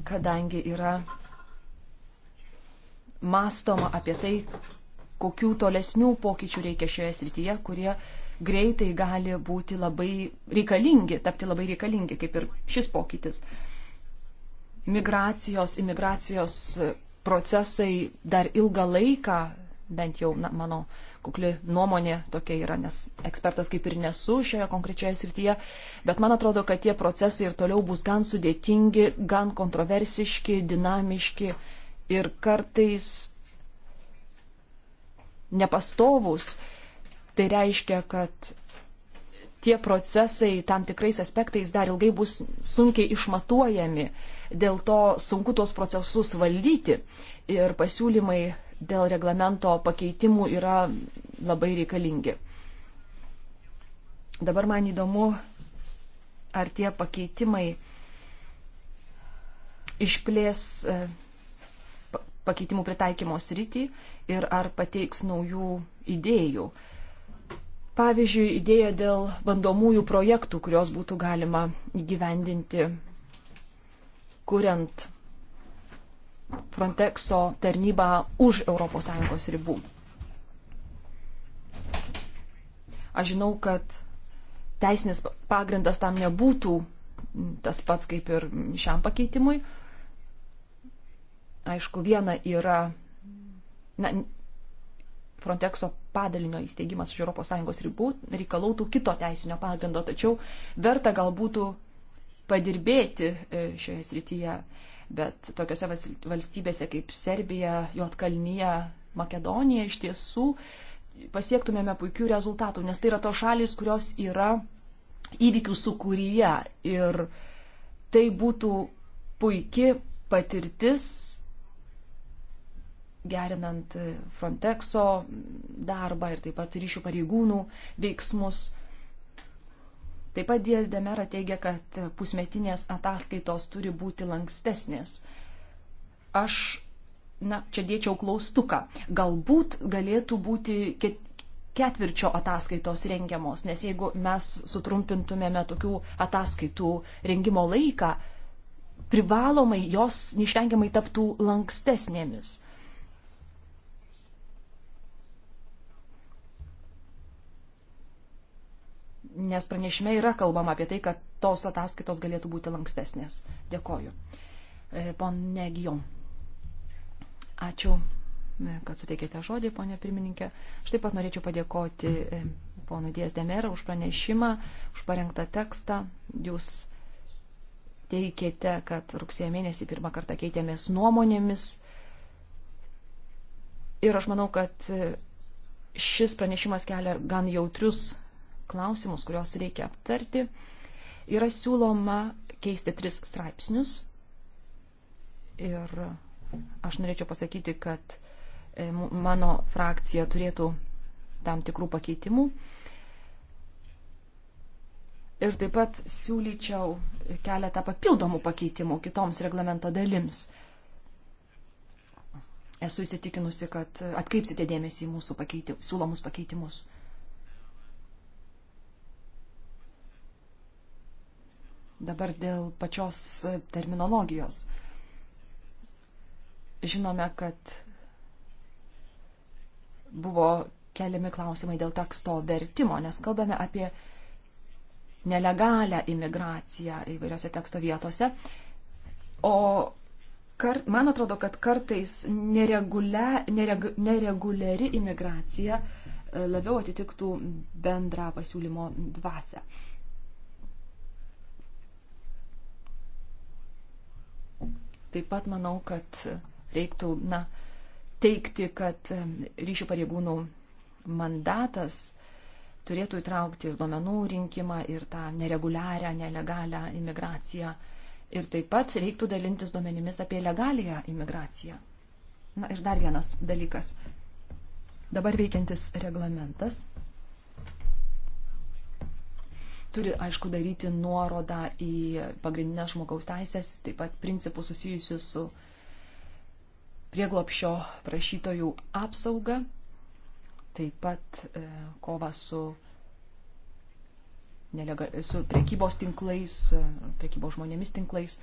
kadangi yra mąstoma apie tai, kokių tolesnių pokyčių reikia šioje srityje, kurie greitai gali būti labai reikalingi, tapti labai reikalingi, kaip ir šis pokytis. Migracijos, imigracijos procesai dar ilgą laiką, bent jau na, mano kukli nuomonė tokia yra, nes ekspertas kaip ir nesu šioje konkrečioje srityje, bet man atrodo, kad tie procesai ir toliau bus gan sudėtingi, gan kontroversiški, dinamiški ir kartais nepastovus. Tai reiškia, kad tie procesai tam tikrais aspektais dar ilgai bus sunkiai išmatuojami. Dėl to sunku tuos procesus valdyti ir pasiūlymai dėl reglamento pakeitimų yra labai reikalingi. Dabar man įdomu, ar tie pakeitimai išplės e, pakeitimų pritaikymo sritį ir ar pateiks naujų idėjų. Pavyzdžiui, idėja dėl bandomųjų projektų, kurios būtų galima įgyvendinti, kuriant Frontexo tarnybą už ES ribų. Aš žinau, kad teisinis pagrindas tam nebūtų tas pats kaip ir šiam pakeitimui. Aišku, viena yra na, Frontexo padalinio įsteigimas už ES ribų reikalautų kito teisinio pagrindo, tačiau verta galbūt padirbėti e, šioje srityje, bet tokiuose valstybėse kaip Serbija, Juotkalnyje, Makedonija iš tiesų pasiektumėme puikių rezultatų, nes tai yra tos šalis, kurios yra įvykių sukūryje ir tai būtų puikia patirtis gerinant e, Frontexo darbą ir taip pat ryšių pareigūnų veiksmus. Taip pat Dies Demera teigia, kad pusmetinės ataskaitos turi būti lankstesnės. Aš, na, čia dėčiau klaustuką. Galbūt galėtų būti ketvirčio ataskaitos rengiamos, nes jeigu mes sutrumpintumėme tokių ataskaitų rengimo laiką, privalomai jos neišvengiamai taptų lankstesnėmis. nes pranešime yra kalbama apie tai, kad tos ataskaitos galėtų būti lankstesnės. Dėkoju. E, pone Gijom. Ačiū, e, kad suteikėte žodį, ponė pirmininkė. Aš taip pat norėčiau padėkoti e, ponui Dies Demerą už pranešimą, už parengtą tekstą. Jūs teikėte, kad rugsėjo mėnesį pirmą kartą keitėmės nuomonėmis. Ir aš manau, kad šis pranešimas kelia gan jautrius klausimus, kuriuos reikia aptarti, yra siūloma keisti tris straipsnius. Ir aš norėčiau pasakyti, kad e, mano frakcija turėtų tam tikrų pakeitimų. Ir taip pat siūlyčiau keletą papildomų pakeitimų kitoms reglamento dalims. Esu įsitikinusi, kad atkreipsite dėmesį į mūsų pakeitim, siūlomus pakeitimus. Dabar dėl pačios e, terminologijos. Žinome, kad buvo keliami klausimai dėl teksto vertimo, nes kalbame apie nelegalią imigraciją įvairiose teksto vietose. O kart, man atrodo, kad kartais neregulia, nereg, nereguliari imigracija e, labiau atitiktų bendrą pasiūlymo dvasę. Taip pat manau, kad reiktų na, teikti, kad ryšių pareigūnų mandatas turėtų įtraukti ir duomenų rinkimą, ir tą nereguliarią, nelegalią imigraciją. Ir taip pat reiktų dalintis duomenimis apie legaliją imigraciją. Na ir dar vienas dalykas. Dabar veikiantis reglamentas turi, aišku, daryti nuorodą į pagrindinės žmogaus teisės, taip pat principus susijusius su prieglopšio prašytojų apsauga, taip pat e, kova su, nelega, su priekybos tinklais, e, priekybos žmonėmis tinklais.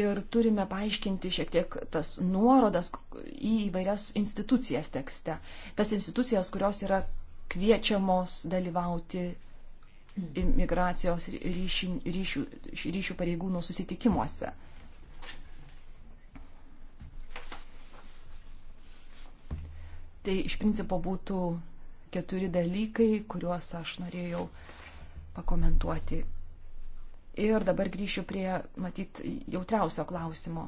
Ir turime paaiškinti šiek tiek tas nuorodas į įvairias institucijas tekste. Tas institucijas, kurios yra kviečiamos dalyvauti imigracijos ryšių, ryšių, ryšių pareigūnų susitikimuose. Tai iš principo būtų keturi dalykai, kuriuos aš norėjau pakomentuoti. Ir dabar grįšiu prie, matyt, jautriausio klausimo.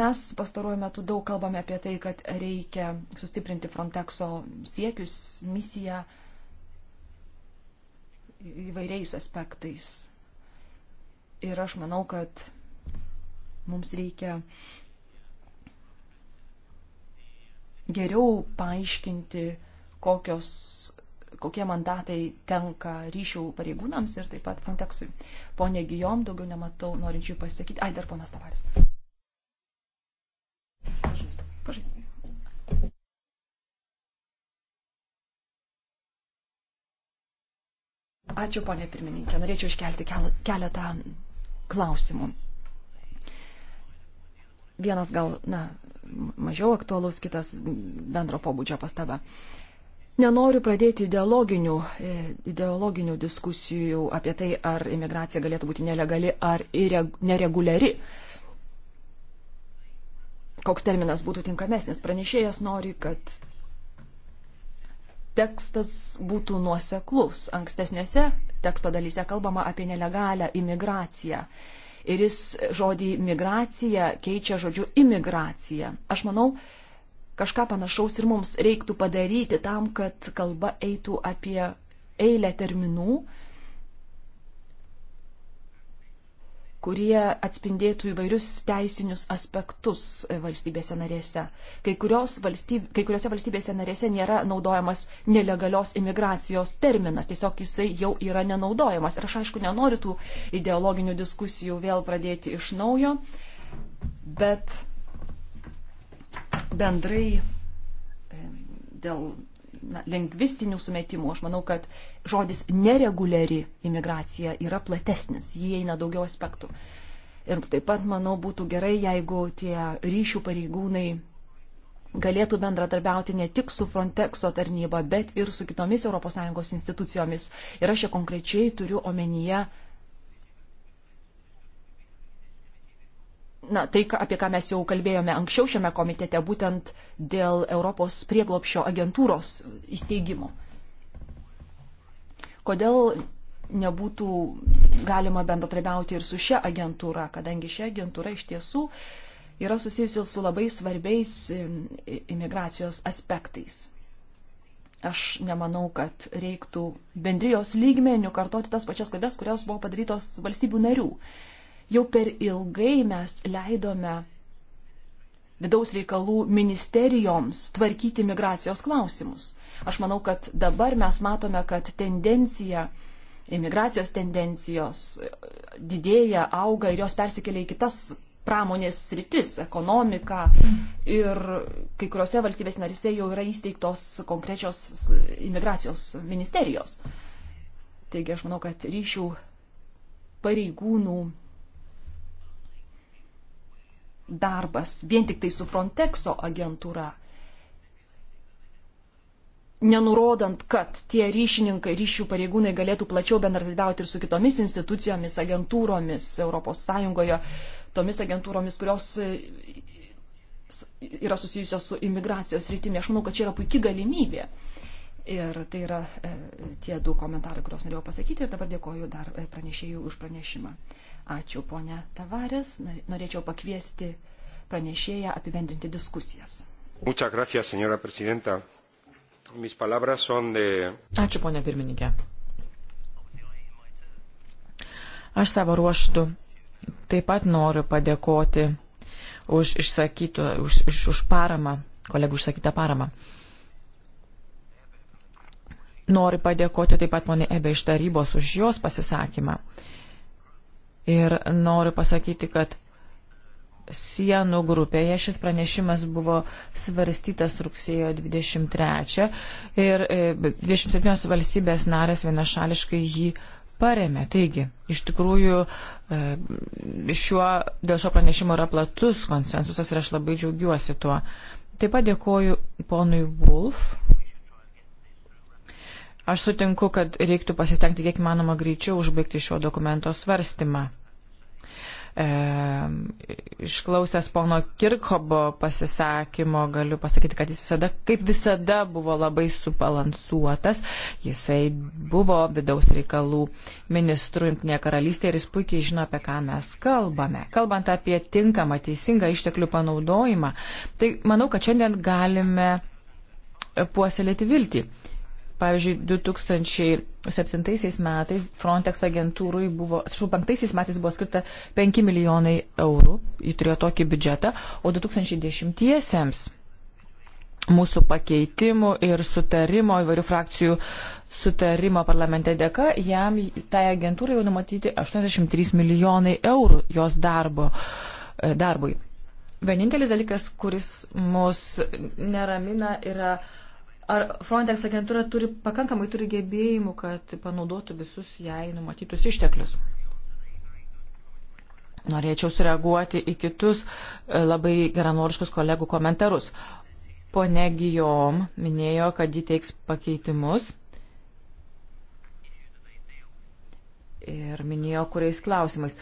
Mes pastaruoju metu daug kalbame apie tai, kad reikia sustiprinti Frontexo siekius, misiją, uh, įvairiais aspektais. Ir aš manau, kad mums reikia geriau paaiškinti, kokios, kokie mandatai tenka ryšių pareigūnams ir taip pat Frontexui. Pone Gijom, daugiau nematau norinčių pasakyti. Ai, dar ponas Tavaris. Pažaisime. Ačiū, ponė pirmininkė. Norėčiau iškelti keletą klausimų. Vienas gal, na, mažiau aktualus, kitas bendro pobūdžio pastaba. Nenoriu pradėti ideologinių, e, ideologinių diskusijų apie tai, ar imigracija galėtų būti nelegali ar nereguliari. Koks terminas būtų tinkamesnis? Pranešėjas nori, kad tekstas būtų nuoseklus. Ankstesnėse teksto dalyse kalbama apie nelegalią imigraciją. Ir jis žodį migracija keičia žodžiu imigracija. Aš manau, kažką panašaus ir mums reiktų padaryti tam, kad kalba eitų apie eilę terminų, kurie atspindėtų įvairius teisinius aspektus e, valstybėse narėse. Kai, valstyb, kai kuriuose valstybėse narėse nėra naudojamas nelegalios imigracijos terminas, tiesiog jisai jau yra nenaudojamas. Ir aš aišku nenoriu tų ideologinių diskusijų vėl pradėti iš naujo, bet bendrai e, dėl na, lingvistinių sumetimų. Aš manau, kad žodis nereguliari imigracija yra platesnis, jį eina daugiau aspektų. Ir taip pat, manau, būtų gerai, jeigu tie ryšių pareigūnai galėtų bendradarbiauti ne tik su Frontexo tarnyba, bet ir su kitomis ES institucijomis. Ir aš čia konkrečiai turiu omenyje uh, na, tai, apie ką mes jau kalbėjome anksčiau šiame komitete, būtent dėl Europos prieglopšio agentūros įsteigimo. Kodėl nebūtų galima bendradarbiauti ir su šia agentūra, kadangi šia agentūra iš tiesų yra susijusi su labai svarbiais imigracijos aspektais. Aš nemanau, kad reiktų bendrijos lygmenių kartoti tas pačias klaidas, kurios buvo padarytos valstybių narių. Uh, jau per ilgai mes leidome vidaus reikalų ministerijoms tvarkyti migracijos klausimus. Aš manau, kad dabar mes matome, kad tendencija, imigracijos tendencijos didėja, auga ir jos persikelia į kitas pramonės sritis, ekonomiką ir kai kuriuose valstybės narise jau yra įsteigtos konkrečios imigracijos ministerijos. Taigi aš manau, kad ryšių pareigūnų darbas vien tik tai su Frontexo agentūra, nenurodant, kad tie ryšininkai, ryšių pareigūnai galėtų plačiau bendradarbiauti ir su kitomis institucijomis, agentūromis ES, tomis agentūromis, kurios e, yra susijusios su imigracijos rytimi. Aš manau, kad čia yra puikia galimybė. Ir tai yra e, tie du komentarai, kuriuos norėjau pasakyti. Ir dabar dėkoju dar e, pranešėjų už pranešimą. Ačiū, ponia Tavares. Norėčiau pakviesti pranešėją apibendrinti diskusijas. Muchas gracias, señora presidenta. Mis palabras son de... Ačiū, ponia pirmininkė. Aš savo ruoštų taip pat noriu padėkoti už, išsakytų, už, už, už paramą, kolegų išsakytą paramą. Noriu padėkoti taip pat poniai Ebe iš tarybos už jos pasisakymą. Uh, Ir noriu pasakyti, kad sienų grupėje šis pranešimas buvo svarstytas rugsėjo 23 ir 27 e, valstybės narės vienašališkai jį paremė. Taigi, iš tikrųjų, e, šiuo, dėl šio pranešimo yra platus konsensusas ir aš labai džiaugiuosi tuo. Taip pat dėkoju ponui Wolf Aš sutinku, kad reiktų pasistengti kiek manoma greičiau užbaigti šio dokumento svarstymą. E, išklausęs pono Kirkhobo pasisakymo, galiu pasakyti, kad jis visada, kaip visada, buvo labai subalansuotas. Jisai buvo vidaus reikalų ministrų Junktinėje karalystėje ir jis puikiai žino, apie ką mes kalbame. Kalbant apie tinkamą, teisingą išteklių panaudojimą, tai manau, kad šiandien galime puoselėti viltį. Pavyzdžiui, 2007 metais Frontex agentūrui buvo, 2005 metais buvo skirta 5 milijonai eurų, jį turėjo tokį biudžetą, o 2010-iesiems mūsų pakeitimų ir sutarimo, įvairių frakcijų sutarimo parlamente dėka, jam tai agentūrai jau numatyti 83 milijonai eurų jos darbo, e, darbui. Vienintelis dalykas, kuris mus neramina, yra uh, Ar Frontex agentūra turi pakankamai turi gebėjimų, kad panaudotų visus jai numatytus išteklius? Norėčiau sureaguoti į kitus e, labai geranoriškus kolegų komentarus. Pone Gijom minėjo, kad jį teiks pakeitimus ir minėjo, kuriais klausimais.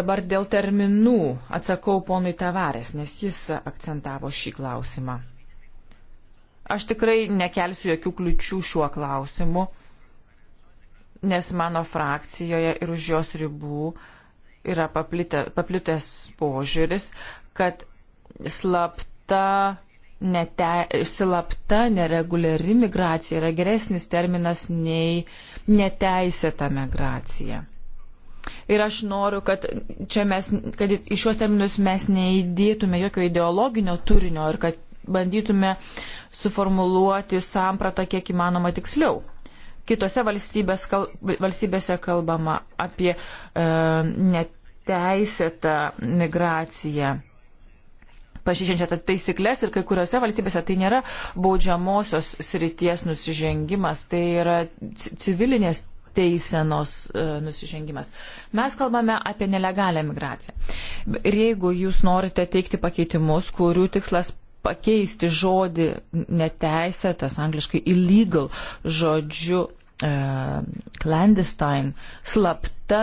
Dabar dėl terminų atsakau ponui Tavarės, nes jis akcentavo šį klausimą. Aš tikrai nekelsiu jokių kliučių šiuo klausimu, nes mano frakcijoje ir už jos ribų yra paplitę, paplitęs požiūris, kad slapta, nete, slapta nereguliari migracija yra geresnis terminas nei neteisėta migracija. Ir aš noriu, kad, mes, kad į šiuos terminus mes neįdėtume jokio ideologinio turinio ir kad bandytume suformuluoti sampratą kiek įmanoma tiksliau. Kitose valstybės, kal, valstybėse kalbama apie e, neteisėtą migraciją pažydžiančią taisyklės ir kai kuriuose valstybėse tai nėra baudžiamosios srities nusižengimas, tai yra civilinės teisenos e, nusižengimas. Mes kalbame apie nelegalią migraciją. Ir jeigu jūs norite teikti pakeitimus, kurių tikslas pakeisti žodį neteisėtas, angliškai illegal, žodžiu e, clandestine, slapta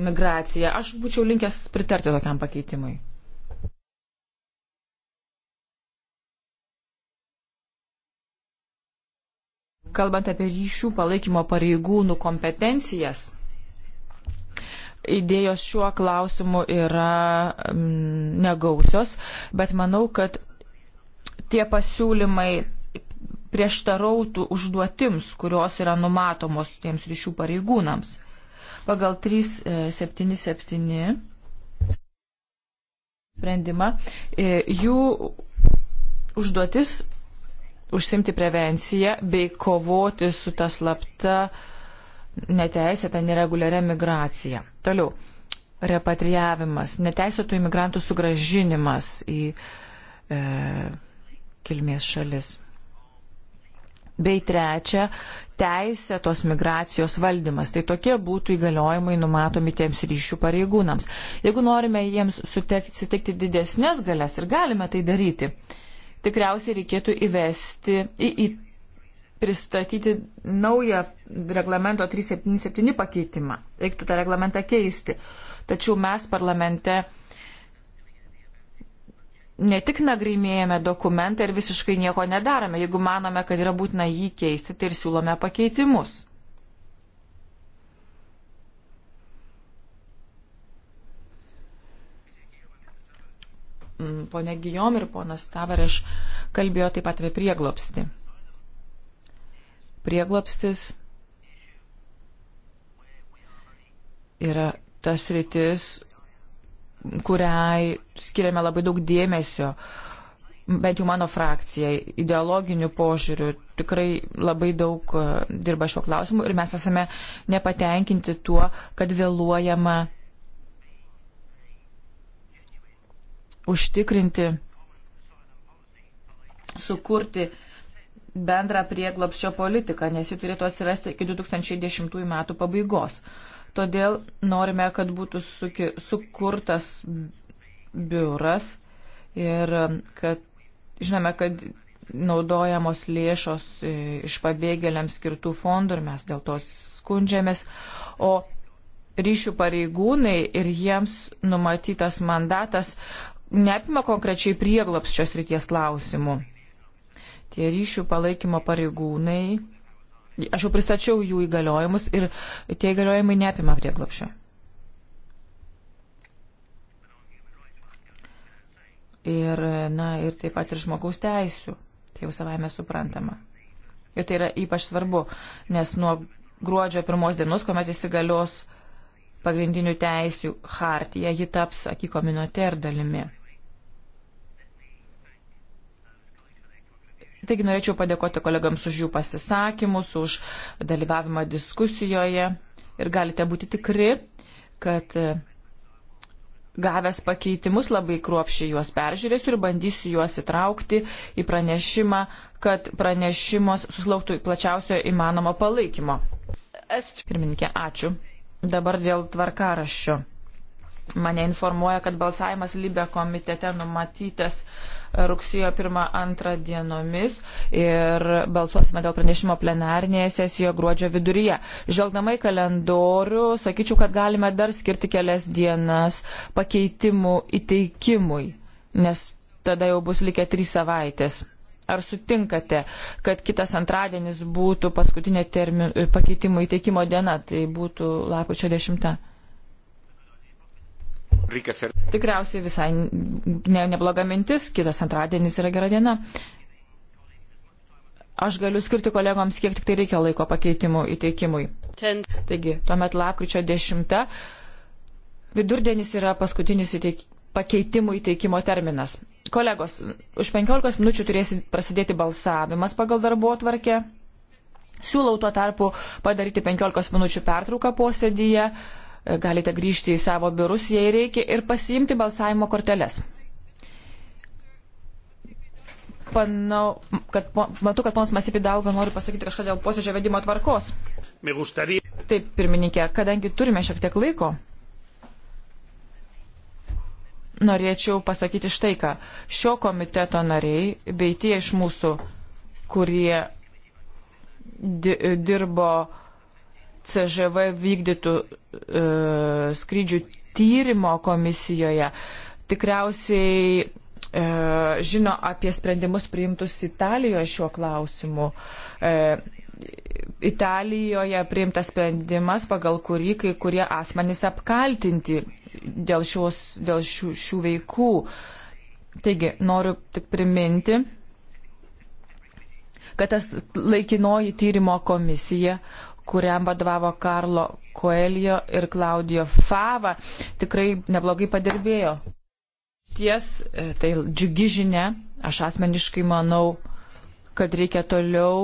migracija. Aš būčiau linkęs pritarti tokiam pakeitimui. Kalbant apie ryšių palaikymo pareigūnų kompetencijas, idėjos šiuo klausimu yra mm, negausios, bet manau, kad tie pasiūlymai prieštarautų užduotims, kurios yra numatomos tiems ryšių pareigūnams. Pagal 377 e, sprendimą e, jų užduotis užsimti prevenciją bei kovoti su ta slapta neteisėta nereguliaria migracija. Toliau, repatrijavimas, neteisėtų imigrantų sugražinimas į e, kilmės šalis. Bei trečia, teisė tos migracijos valdymas. Tai tokie būtų įgaliojimai numatomi tiems ryšių pareigūnams. Jeigu norime jiems suteikti didesnės galės ir galime tai daryti, tikriausiai reikėtų įvesti į, į pristatyti naują reglamento 377 pakeitimą. Reiktų tą reglamentą keisti. Tačiau mes parlamente ne tik nagrinėjame dokumentą ir visiškai nieko nedarome. Jeigu manome, kad yra būtina jį keisti, tai ir siūlome pakeitimus. Mm, Pone Gijom ir ponas Tavareš kalbėjo taip pat apie prieglopstį. Prieglopstis yra tas rytis, kuriai skiriame labai daug dėmesio, bent jau mano frakcijai, ideologinių požiūrių, tikrai labai daug e, dirba šiuo klausimu ir mes esame nepatenkinti tuo, kad vėluojama užtikrinti, sukurti bendrą prieglopščio politiką, nes ji turėtų atsirasti iki 2010 metų pabaigos. Todėl norime, kad būtų suki, sukurtas biuras ir kad žinome, kad naudojamos lėšos e, iš pabėgėliams skirtų fondų ir mes dėl to skundžiamės. O ryšių pareigūnai ir jiems numatytas mandatas neapima konkrečiai prieglopščios ryties klausimų. Tie ryšių palaikymo pareigūnai Aš jau pristačiau jų įgaliojimus ir tie įgaliojimai neapima prieglopšio. Ir, na, ir taip pat ir žmogaus teisų. Tai jau savaime suprantama. Ir tai yra ypač svarbu, nes nuo gruodžio pirmos dienos, kuomet įsigalios pagrindinių teisių hartija, ji taps akiko minoter dalimi. Taigi norėčiau padėkoti kolegams už jų pasisakymus, už dalyvavimą diskusijoje ir galite būti tikri, kad e, gavęs pakeitimus labai kruopšiai juos peržiūrėsiu ir bandysiu juos įtraukti į pranešimą, kad pranešimas susilauktų plačiausio įmanomo palaikymo. Pirmininkė, ačiū. Dabar dėl tvarkaraščio. Mane informuoja, kad balsavimas Libė komitete numatytas rugsėjo 1-2 dienomis ir balsuosime dėl pranešimo plenarnėje sesijoje gruodžio viduryje. Žvelgdama į kalendorių, sakyčiau, kad galime dar skirti kelias dienas pakeitimų įteikimui, nes tada jau bus likę trys savaitės. Ar sutinkate, kad kitas antradienis būtų paskutinė termin... pakeitimų įteikimo diena, tai būtų lapkričio 10? Tikriausiai visai ne, nebloga mintis, kitas antradienis yra gera diena. Aš galiu skirti kolegoms, kiek tik tai reikia laiko pakeitimų įteikimui. Taigi, tuomet lapkričio 10 vidurdienis yra paskutinis įteik... pakeitimų įteikimo terminas. Kolegos, už 15 minučių turės prasidėti balsavimas pagal darbo atvarkę. Siūlau tuo tarpu padaryti 15 minučių pertrauką posėdyje galite grįžti į savo biurus, jei reikia, ir pasiimti balsavimo korteles. Panau, kad, matau, kad ponas Masipidalga nori pasakyti kažką dėl posėdžio vedimo tvarkos. Taip, pirmininkė, kadangi turime šiek tiek laiko, norėčiau pasakyti štai ką. Šio komiteto nariai, bei tie iš mūsų, kurie di dirbo CŽV vykdytų e, skrydžių tyrimo komisijoje tikriausiai e, žino apie sprendimus priimtus Italijoje šiuo klausimu. E, Italijoje priimtas sprendimas, pagal kurį kai kurie asmenys apkaltinti dėl, šios, dėl šių, šių veikų. Taigi, noriu tik priminti, kad tas laikinoji tyrimo komisija kuriam vadovavo Karlo Koelio ir Klaudijo Fava, tikrai neblogai padirbėjo. Ties, e, tai džiugi žinia, aš asmeniškai manau, kad reikia toliau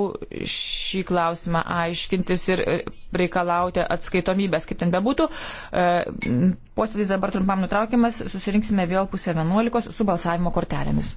šį klausimą aiškintis ir e, reikalauti atskaitomybės, kaip ten bebūtų. E, posėdis dabar trumpam nutraukiamas, susirinksime vėl pusę vienuolikos su balsavimo kortelėmis.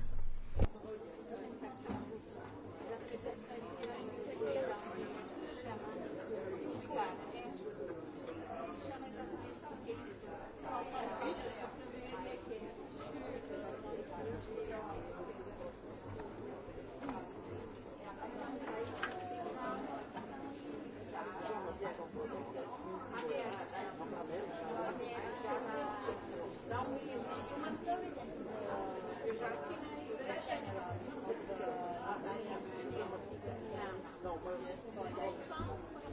No, but...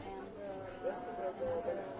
And, uh,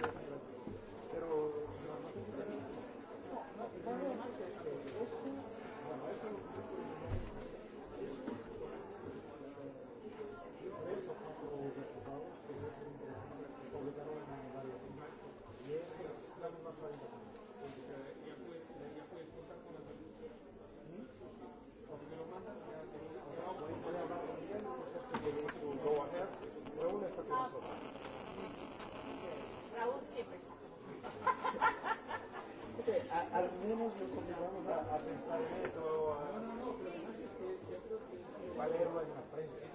no nos obligamos a, a pensar en eso. A... No, no, no, pero además es que yo creo que. Va a leerlo en la prensa.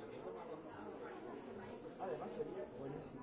Además sería buenísimo.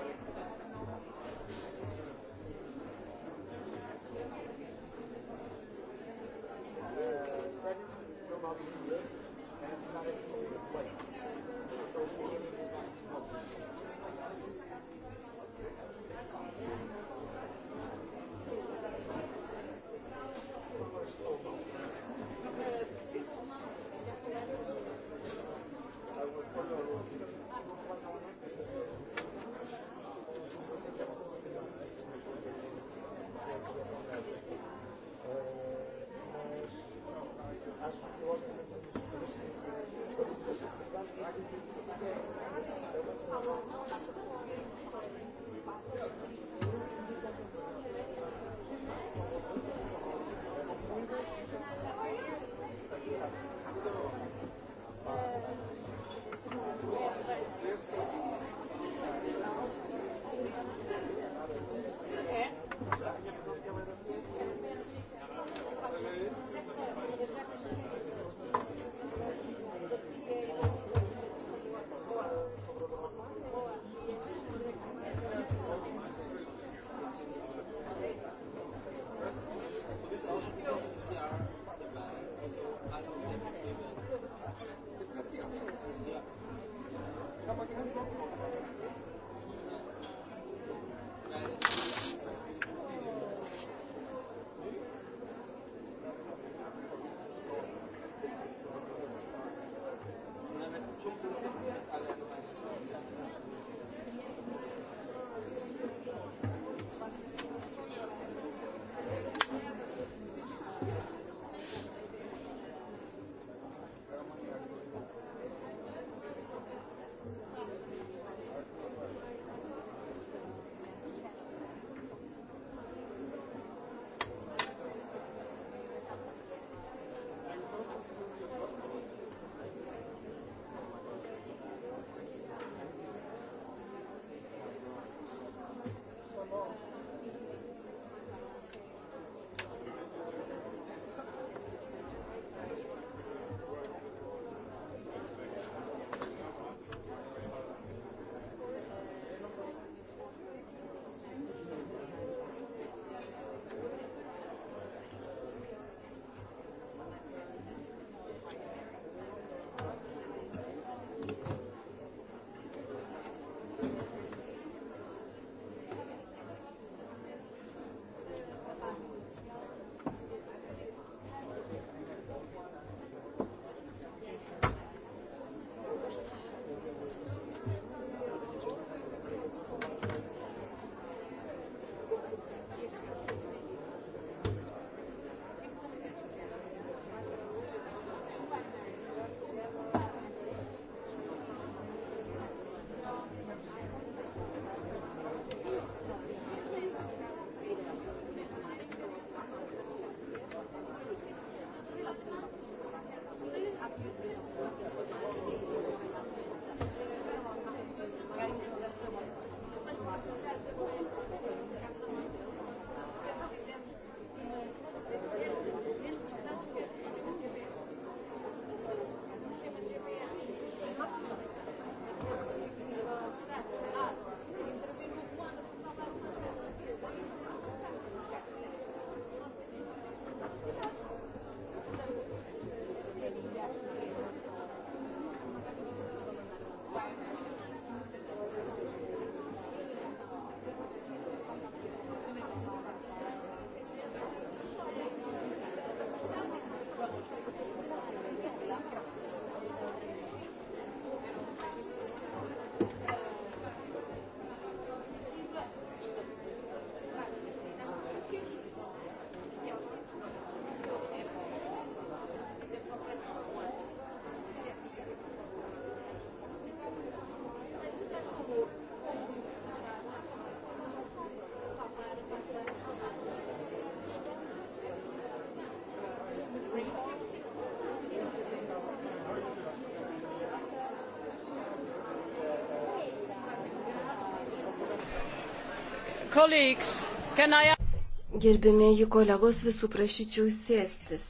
Gerbėmėji kolegos, visų prašyčiau sėstis,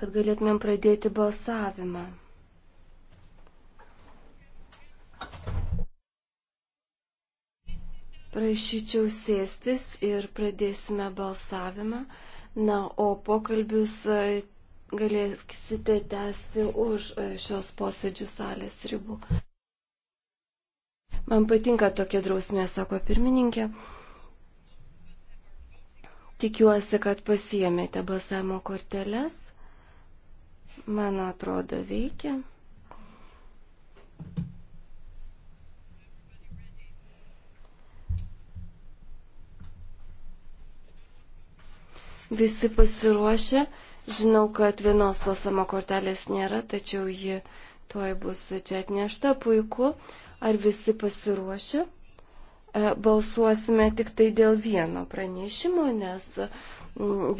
kad galėtumėm pradėti balsavimą. Prašyčiau sėstis ir pradėsime balsavimą. Na, o pokalbius e, galėsite tęsti už e, šios posėdžių salės ribų. Man patinka tokia drausmė, sako pirmininkė. Tikiuosi, kad pasijėmėte balsavimo korteles. Man atrodo, veikia. Visi pasiruošę. Žinau, kad vienos balsavimo kortelės nėra, tačiau ji tuoj bus čia atnešta. Puiku. Ar visi pasiruošę? E, balsuosime tik tai dėl vieno pranešimo, nes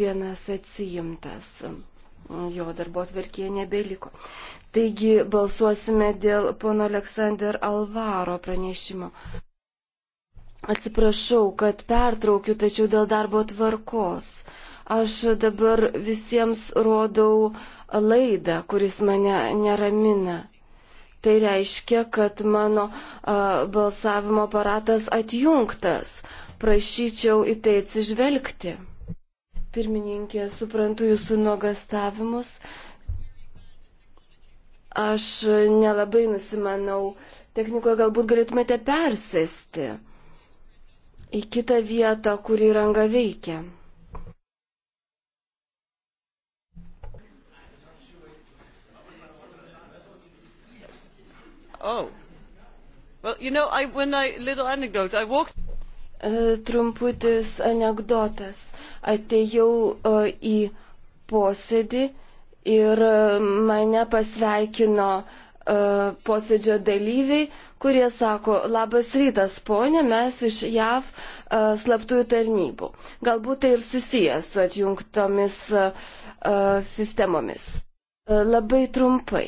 vienas atsijimtas. Jo darbo atverkėje nebeliko. Taigi balsuosime dėl pono Aleksandr Alvaro pranešimo. Atsiprašau, kad pertraukiu, tačiau dėl darbo tvarkos aš dabar visiems rodau laidą, kuris mane neramina. Tai reiškia, kad mano a, balsavimo aparatas atjungtas. Prašyčiau į tai atsižvelgti. Pirmininkė, suprantu jūsų nuogastavimus. Aš nelabai nusimanau. Technikoje galbūt galėtumėte persėsti į kitą vietą, kur įranga veikia. Oh. Well, you know, I, when I, little anecdote, I walked e, trumputis anegdotas. Atėjau e, į posėdį ir e, mane pasveikino posėdžio dalyviai, kurie sako, labas rytas, ponė, mes iš JAV slaptųjų tarnybų. Galbūt tai ir susijęs su atjungtomis sistemomis. Labai trumpai.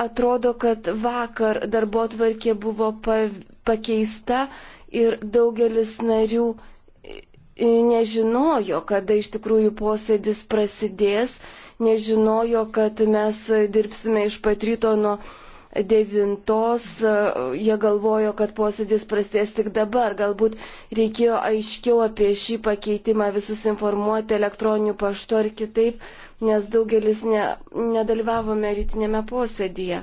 Atrodo, kad vakar darbo tvarkė buvo pakeista ir daugelis narių e, nežinojo, kada iš tikrųjų posėdis prasidės, nežinojo, kad mes dirbsime iš pat ryto nuo devintos, e, jie galvojo, kad posėdis prasidės tik dabar. Galbūt reikėjo aiškiau apie šį pakeitimą visus informuoti elektroniniu paštu ar kitaip, nes daugelis ne, nedalyvavome rytinėme posėdėje.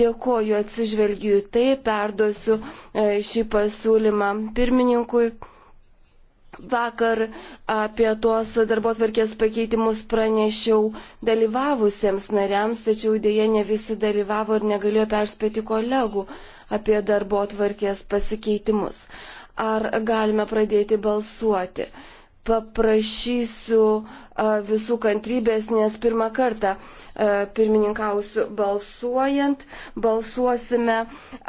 Dėkoju, atsižvelgiu į tai, perduosiu e, šį pasiūlymą pirmininkui. Vakar apie tuos darbos verkės pakeitimus pranešiau dalyvavusiems nariams, tačiau dėje ne visi dalyvavo ir negalėjo perspėti kolegų apie darbo tvarkės pasikeitimus. Ar galime pradėti balsuoti? paprašysiu visų kantrybės, nes pirmą kartą pirmininkausiu balsuojant. Balsuosime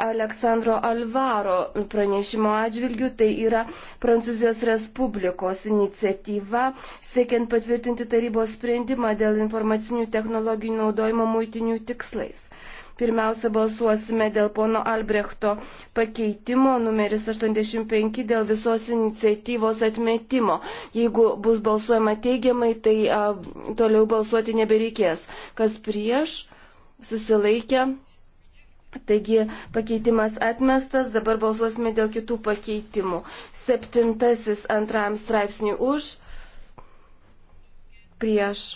Aleksandro Alvaro pranešimo atžvilgių. Tai yra Prancūzijos Respublikos iniciatyva, siekiant patvirtinti tarybos sprendimą dėl informacinių technologijų naudojimo muitinių tikslais. Pirmiausia, balsuosime dėl pono Albrechto pakeitimo numeris 85 dėl visos iniciatyvos atmetimo. Jeigu bus balsuojama teigiamai, tai a, toliau balsuoti nebereikės. Kas prieš? Susilaikė. Taigi pakeitimas atmestas, dabar balsuosime dėl kitų pakeitimų. Septintasis antrajam straipsniui už, prieš,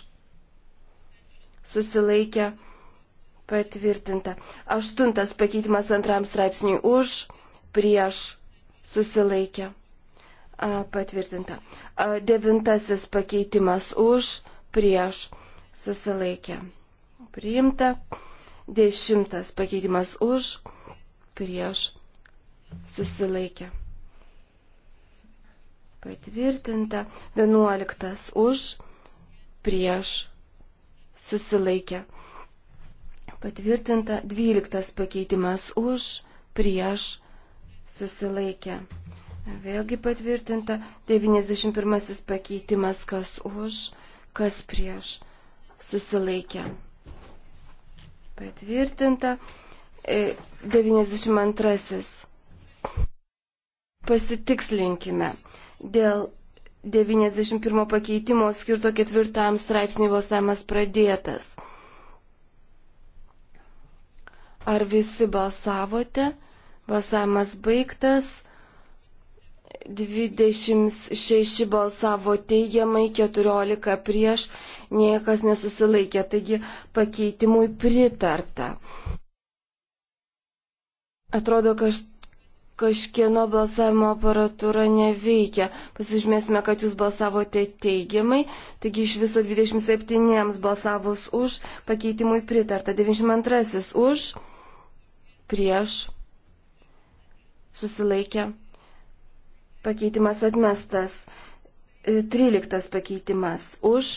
susilaikę, Patvirtinta. Aštuntas pakeitimas antram straipsniui už, prieš, susilaikė. Patvirtinta. Devintasis pakeitimas už, prieš, susilaikė. Priimta. Dešimtas pakeitimas už, prieš, susilaikė. Patvirtinta. Vienuoliktas už, prieš, susilaikė Patvirtinta 12 pakeitimas už, prieš, susilaikė. Vėlgi patvirtinta 91 pakeitimas, kas už, kas prieš, susilaikė. Patvirtinta 92. E, Pasitikslinkime dėl 91 pakeitimo skirto ketvirtam straipsniui balsavimas pradėtas. Ar visi balsavote? Balsavimas baigtas. 26 balsavo teigiamai, 14 prieš, niekas nesusilaikė, taigi pakeitimui pritarta. Atrodo, kaž, kažkieno balsavimo aparatūra neveikia. Pasižymėsime, kad jūs balsavote teigiamai, taigi iš viso 27 balsavus už, pakeitimui pritarta, 92 už prieš, susilaikė, pakeitimas atmestas, 13 e, pakeitimas už,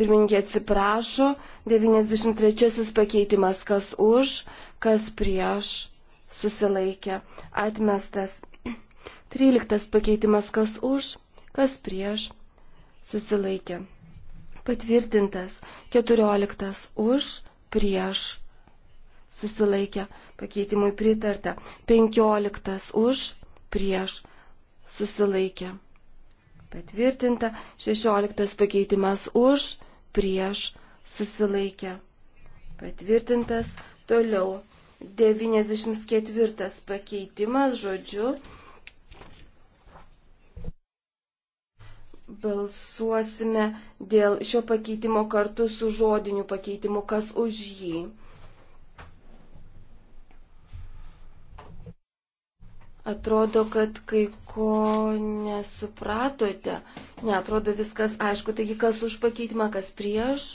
pirmininkė atsiprašo, 93 pakeitimas kas už, kas prieš, susilaikė, atmestas, 13 pakeitimas kas už, kas prieš, susilaikė patvirtintas. 14 už, prieš, susilaikė, pakeitimui pritarta. 15 už, prieš, susilaikė. Patvirtinta, 16 pakeitimas už, prieš, susilaikė. Patvirtintas, toliau, 94 pakeitimas žodžiu Balsuosime dėl šio pakeitimo kartu su žodiniu pakeitimu, kas už jį. Atrodo, kad kai ko nesupratote. Netrodo viskas aišku. Taigi, kas už pakeitimą, kas prieš,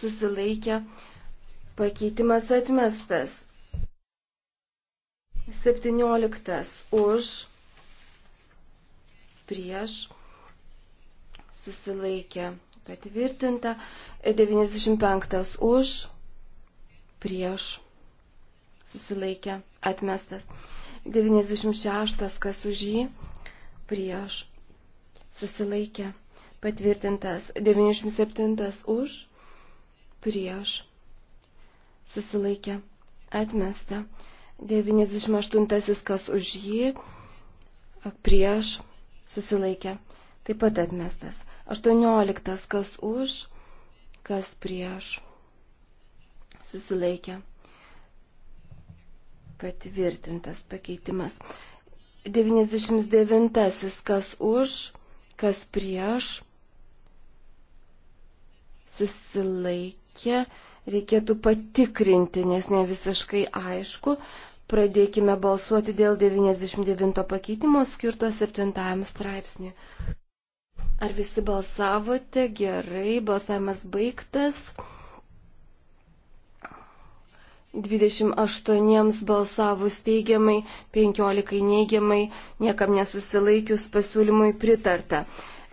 susilaikė. Pakeitimas atmestas. 17. Už, prieš, susilaikė patvirtinta, 95 už, prieš, susilaikė atmestas, 96 kas už jį, prieš, susilaikė patvirtintas, 97 už, prieš, susilaikė atmesta, 98 kas už jį, prieš, susilaikė taip pat atmestas. 18. Kas už, kas prieš. Susilaikė. Patvirtintas pakeitimas. 99. Kas už, kas prieš. Susilaikė. Reikėtų patikrinti, nes ne visiškai aišku. Pradėkime balsuoti dėl 99 pakeitimo skirto 7 straipsnį. Ar visi balsavote? Gerai, balsavimas baigtas. 28 balsavus teigiamai, 15 neigiamai, niekam nesusilaikius pasiūlymui pritarta.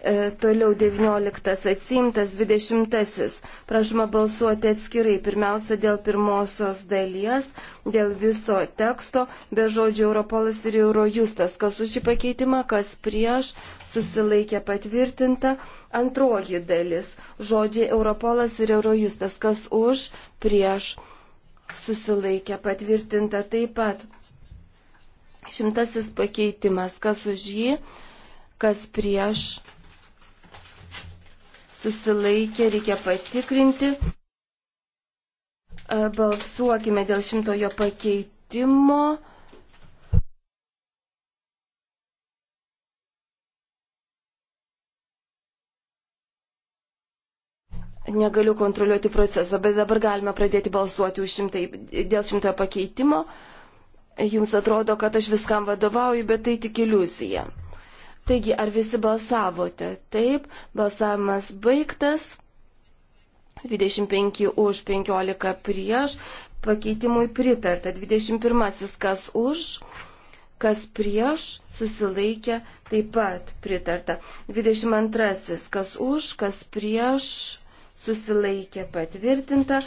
E, toliau 19 atsimtas, 20. Prašoma balsuoti atskirai. Pirmiausia, dėl pirmosios dalies, dėl viso teksto, be žodžių Europolas ir Eurojustas. Kas už šį pakeitimą, kas prieš, susilaikė patvirtinta. Antroji dalis, žodžiai Europolas ir Eurojustas. Kas už, prieš, susilaikė patvirtinta taip pat. Šimtasis pakeitimas, kas už jį, kas prieš, susilaikė, reikia patikrinti. E, balsuokime dėl šimtojo pakeitimo. Negaliu kontroliuoti procesą, bet dabar galime pradėti balsuoti šimtai, dėl šimtojo pakeitimo. Jums atrodo, kad aš viskam vadovauju, bet tai tik iliuzija. Taigi, ar visi balsavote? Taip, balsavimas baigtas. 25 už, 15 prieš, pakeitimui pritarta. 21 kas už, kas prieš, susilaikė, taip pat pritarta. 22 kas už, kas prieš, susilaikė, patvirtinta.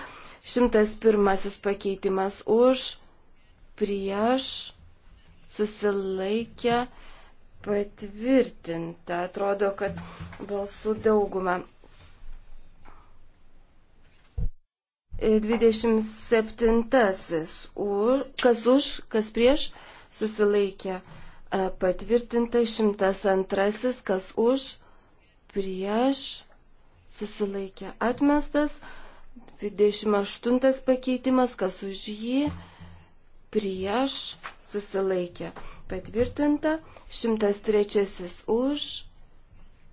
101 pakeitimas už, prieš, susilaikė, patvirtinta patvirtinta. Atrodo, kad balsų dauguma. 27. Ur, kas už, kas prieš, susilaikė. E, patvirtinta 102. Kas už, prieš, susilaikė. Atmestas 28. pakeitimas. Kas už jį, prieš, susilaikė patvirtinta, 103 už,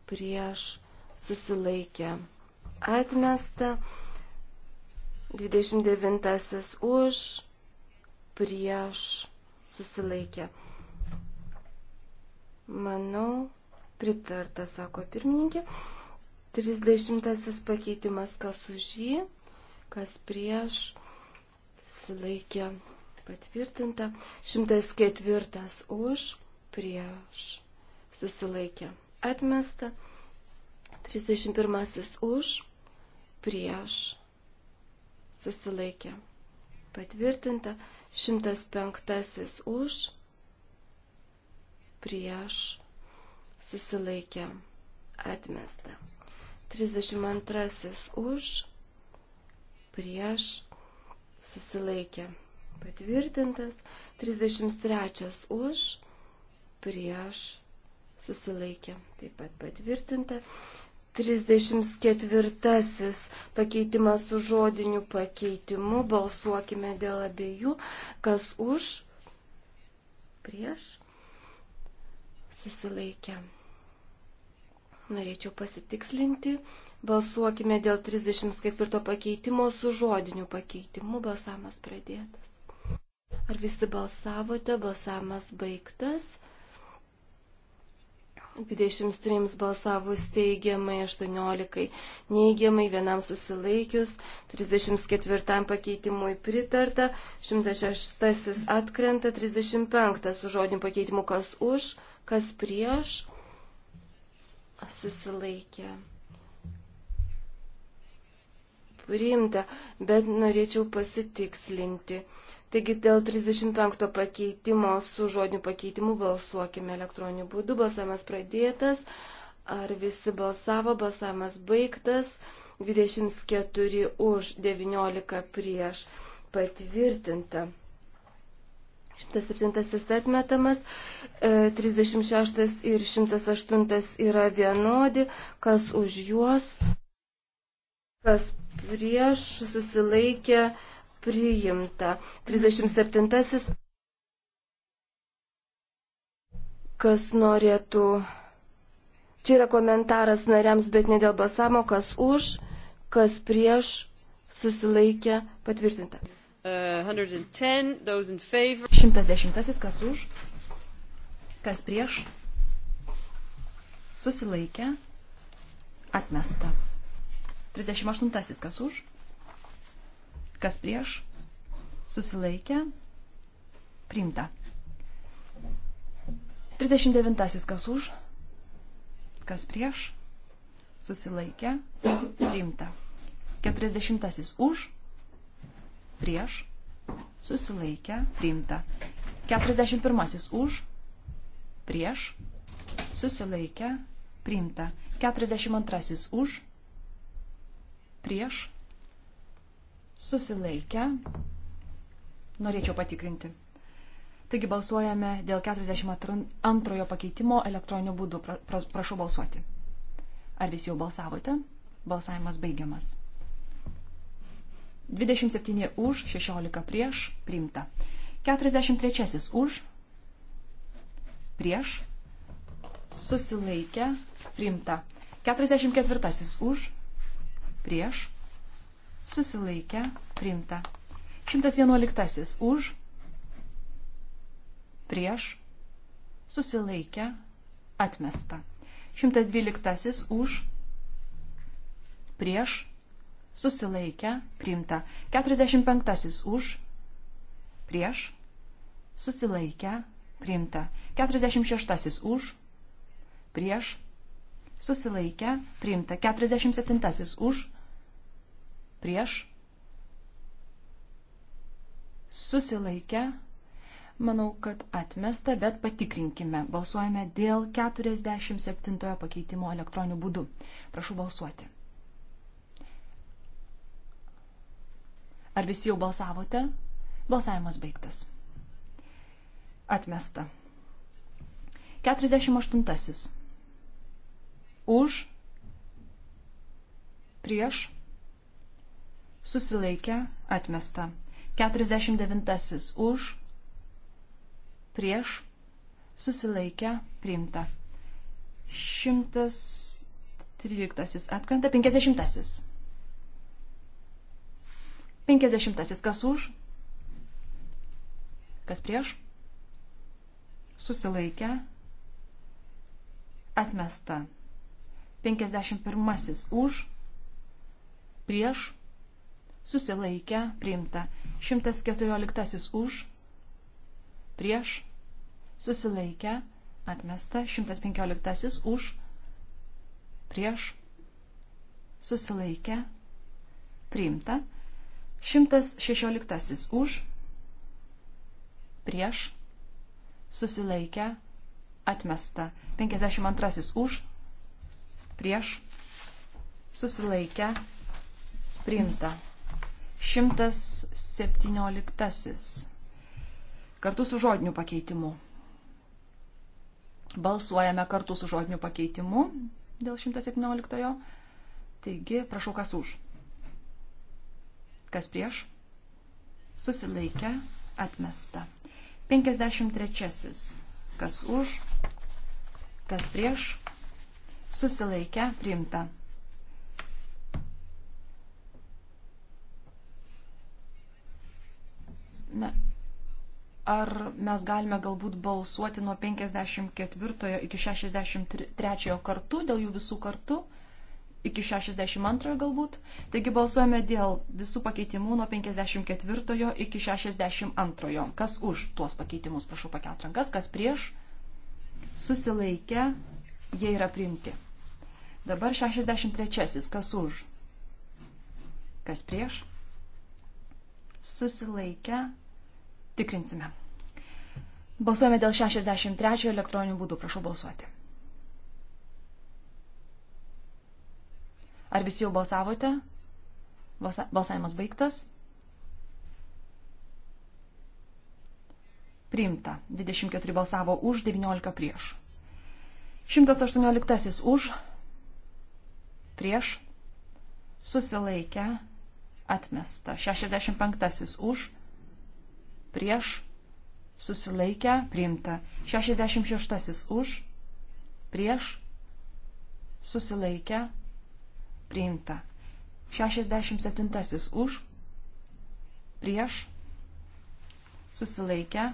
prieš susilaikė atmesta, 29 už, prieš susilaikė. Manau, pritarta, sako pirmininkė. 30 pakeitimas, kas už jį, kas prieš, susilaikė patvirtinta. 104 už, prieš, susilaikė, atmesta. 31 už, prieš, susilaikė, patvirtinta. 105 už, prieš, susilaikė, atmesta. 32 už, prieš, susilaikė, patvirtintas, 33 už, prieš, susilaikė, taip pat patvirtinta. 34 pakeitimas su žodiniu pakeitimu, balsuokime dėl abiejų, kas už, prieš, susilaikė. Norėčiau pasitikslinti, balsuokime dėl 34 pakeitimo su žodiniu pakeitimu, balsamas pradėtas. Ar visi balsavote? Balsavimas baigtas. 23 balsavus teigiamai, 18 neigiamai, vienam susilaikius, 34 pakeitimui pritarta, 106 atkrenta, 35 su žodiniu pakeitimu kas už, kas prieš, susilaikė. Priimta, bet norėčiau pasitikslinti. Taigi dėl 35 pakeitimo su žodiniu pakeitimu balsuokime elektroniniu būdu. Balsavimas pradėtas. Ar visi balsavo? Balsavimas baigtas. 24 už 19 prieš patvirtinta. 107 atmetamas, 36 e, ir 108 yra vienodi, kas už juos, kas prieš susilaikė priimta. 37. Kas norėtų. Čia yra komentaras nariams, bet ne dėl balsamo, kas už, kas prieš, susilaikė, patvirtinta. Uh, 110, 110, kas už, kas prieš, susilaikė, atmesta. 38, kas už, Kas prieš? Susilaikė. Priimta. 39. Kas už? Kas prieš? Susilaikė. Priimta. 40. Už? Prieš? Susilaikė. Priimta. 41. Už? Prieš? Susilaikė. Priimta. 42. Už? Prieš? susilaikę. Norėčiau patikrinti. Taigi balsuojame dėl 42 pakeitimo elektroniniu būdu. Pra, pra, prašau balsuoti. Ar visi jau balsavote? Balsavimas baigiamas. 27 už, 16 prieš, priimta. 43 už, prieš, susilaikę, priimta. 44 už, prieš, susilaikė, priimta. 111 už, prieš, susilaikė, atmesta. 112 už, prieš, susilaikė, priimta. 45 už, prieš, susilaikė, priimta. 46 už, prieš, susilaikė, priimta. 47 už, prieš, susilaikę, manau, kad atmesta, bet patikrinkime. Balsuojame dėl 47 pakeitimo elektroniniu būdu. Prašau balsuoti. Ar visi jau balsavote? Balsavimas baigtas. Atmesta. 48. Už. Prieš susilaikė, atmesta. 49 už, prieš, susilaikė, priimta. 113 atkrenta, 50. 50 kas už, kas prieš, susilaikė, atmesta. 51 už, prieš, susilaikę, priimta. 114 už, prieš, susilaikę, atmesta. 115 už, prieš, susilaikę, priimta. 116 už, prieš, susilaikę, atmesta. 52 už, prieš, susilaikę, priimta. 117. Kartu su žodiniu pakeitimu. Balsuojame kartu su žodiniu pakeitimu dėl 117. -ojo. Taigi, prašau, kas už. Kas prieš? Susilaikę, atmesta. 53. Kas už, kas prieš, susilaikę, priimta. Na, ar mes galime galbūt balsuoti nuo 54 iki 63 kartų, dėl jų visų kartų, iki 62 galbūt. Taigi balsuojame dėl visų pakeitimų nuo 54 iki 62. Kas už tuos pakeitimus, prašau pakelt rankas, kas prieš, susilaikę, jie yra priimti. Dabar 63. Kas už? Kas prieš? Susilaikę, Tikrinsime. Balsuojame dėl 63 elektroninių būdų. Prašau balsuoti. Ar visi jau balsavote? Balsavimas baigtas. Priimta. 24 balsavo už, 19 prieš. 118 už, prieš, susilaikę, atmesta. 65 už, prieš prieš, susilaikę, priimta. 66 už, prieš, susilaikę, priimta. 67 už, prieš, susilaikę.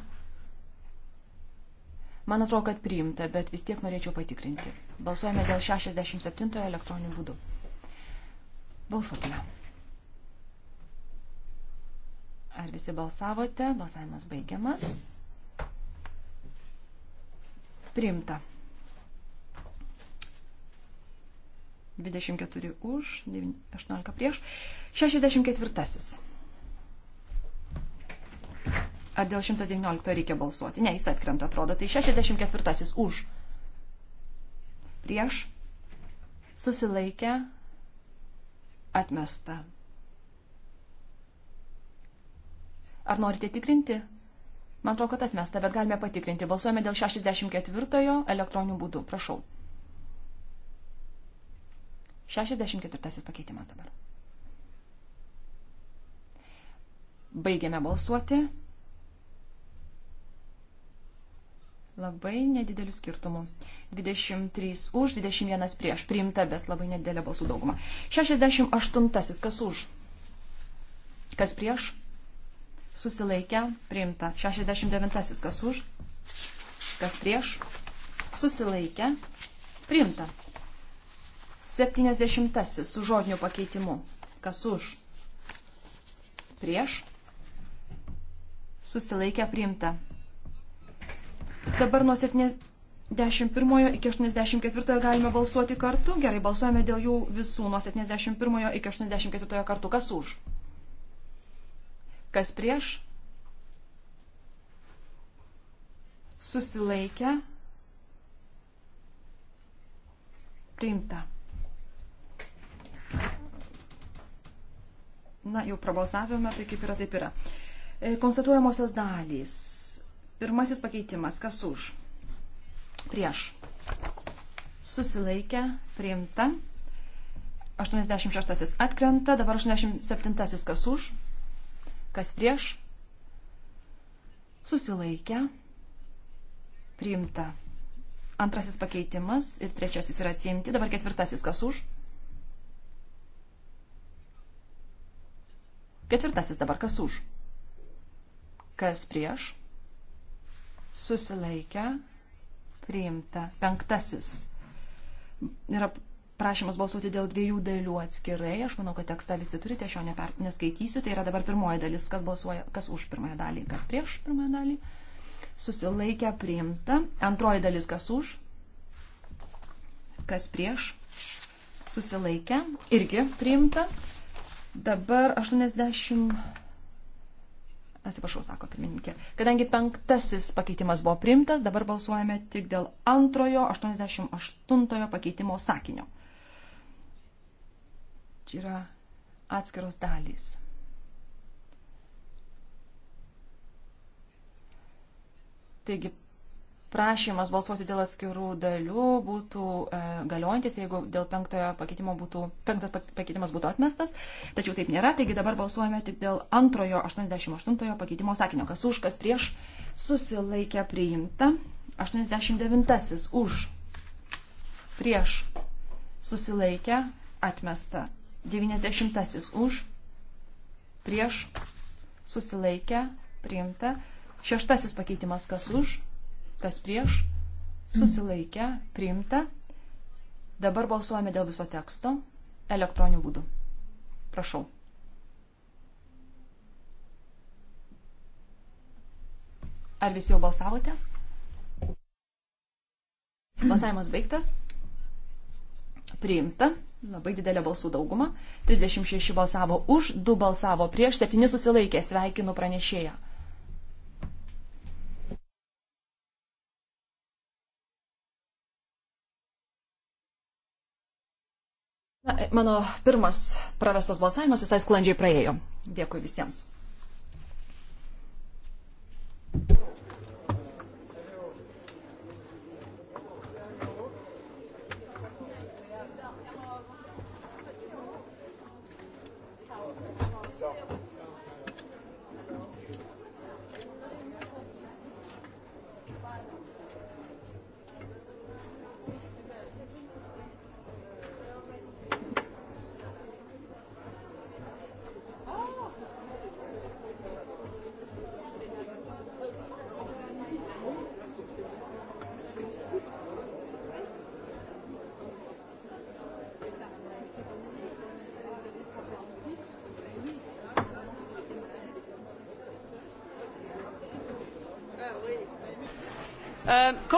Man atrodo, kad priimta, bet vis tiek norėčiau patikrinti. Balsuojame dėl 67 elektroninių būdų. Balsuokime. Ar visi balsavote? Balsavimas baigiamas. Priimta. 24 už, 18 prieš. 64. Ar dėl 119 reikia balsuoti? Ne, jis atkrenta, atrodo. Tai 64 už. Prieš. Susilaikę. Atmesta. Ar norite tikrinti? Man atrodo, kad atmesta, bet galime patikrinti. Balsuojame dėl 64 elektroninių būdų. Prašau. 64 pakeitimas dabar. Baigiame balsuoti. Labai nedidelių skirtumų. 23 už, 21 prieš. Priimta, bet labai nedidelė balsų dauguma. 68. Kas už? Kas prieš? susilaikę, priimta. 69. Kas už, kas prieš, susilaikę, priimta. 70. Su žodiniu pakeitimu. Kas už, prieš, susilaikę, priimta. Dabar nuo 71 iki 84 galime balsuoti kartu. Gerai, balsuojame dėl jų visų nuo 71 iki 84 kartu. Kas už? Kas prieš? Susilaikę. Priimta. Na, jau prabalsavome, tai kaip yra, taip yra. E, konstatuojamosios dalys. Pirmasis pakeitimas. Kas už? Prieš. Susilaikę. Priimta. 86 atkrenta, dabar 87 kas už Kas prieš? Susilaikę. Priimta. Antrasis pakeitimas ir trečiasis yra atsiimti. Dabar ketvirtasis kas už? Ketvirtasis dabar kas už? Kas prieš? Susilaikę. Priimta. Penktasis. Yra prašymas balsuoti dėl dviejų dalių atskirai. Aš manau, kad tekstą visi turite, aš jo neper, neskaitysiu. Tai yra dabar pirmoji dalis, kas balsuoja, kas už pirmąją dalį, kas prieš pirmąją dalį. Susilaikę priimta. Antroji dalis, kas už, kas prieš. Susilaikę irgi priimta. Dabar 80. Atsiprašau, sako pirmininkė. Kadangi penktasis pakeitimas buvo priimtas, dabar balsuojame tik dėl antrojo 88 pakeitimo sakinio. Čia yra atskiros dalys. Taigi, prašymas balsuoti dėl atskirų dalių būtų e, galiojantis, jeigu dėl penktojo pakeitimo būtų, penktas pakeitimas būtų atmestas, tačiau taip nėra, taigi dabar balsuojame tik dėl antrojo 88 pakeitimo sakinio, kas už, kas prieš, susilaikė priimta, 89 už, prieš, susilaikė, atmesta, 90 už, prieš, susilaikę, priimta. Šeštasis pakeitimas kas už, kas prieš, susilaikę, priimta. Dabar balsuojame dėl viso teksto elektroniniu būdu. Prašau. Ar visi jau balsavote? Balsavimas baigtas. Priimta labai didelė balsų dauguma. 36 balsavo už, 2 balsavo prieš, 7 susilaikė. Sveikinu pranešėją. Na, mano pirmas prarastas balsavimas visai sklandžiai praėjo. Dėkui visiems.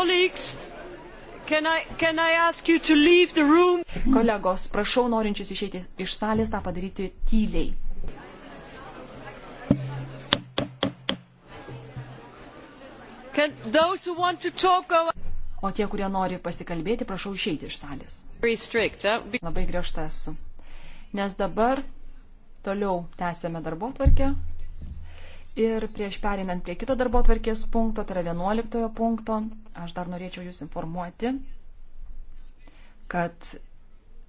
Colleagues, can I, can I ask you to leave the room? Kolegos, prašau norinčius išeiti iš salės tą padaryti tyliai. Can those who want to talk go... O tie, kurie nori pasikalbėti, prašau išeiti iš salės. Labai griežta esu. Nes dabar toliau tęsėme darbo tvarkę. Ir prieš perinant prie kito darbo tvarkės punkto, tai yra 11 punkto, aš dar norėčiau Jūs informuoti, kad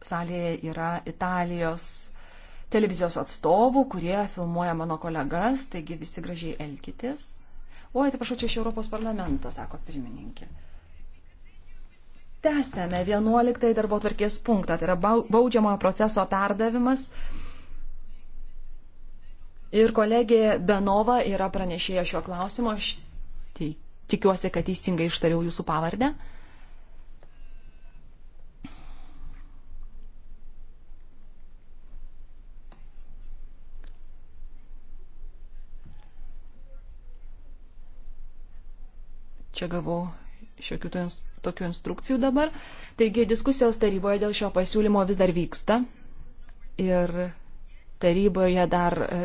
salėje yra Italijos televizijos atstovų, kurie filmuoja mano kolegas, taigi visi gražiai elkitės. O, atsiprašau, čia iš Europos parlamento, sako pirmininkė. Tęsėme 11 darbo tvarkės punktą, tai yra baudžiamojo proceso perdavimas Ir kolegė Benova yra pranešėja šiuo klausimu. Aš tikiuosi, kad teisingai ištariau jūsų pavardę. Čia gavau šiokių tokių instrukcijų dabar. Taigi diskusijos taryboje dėl šio pasiūlymo vis dar vyksta. Ir taryboje dar e,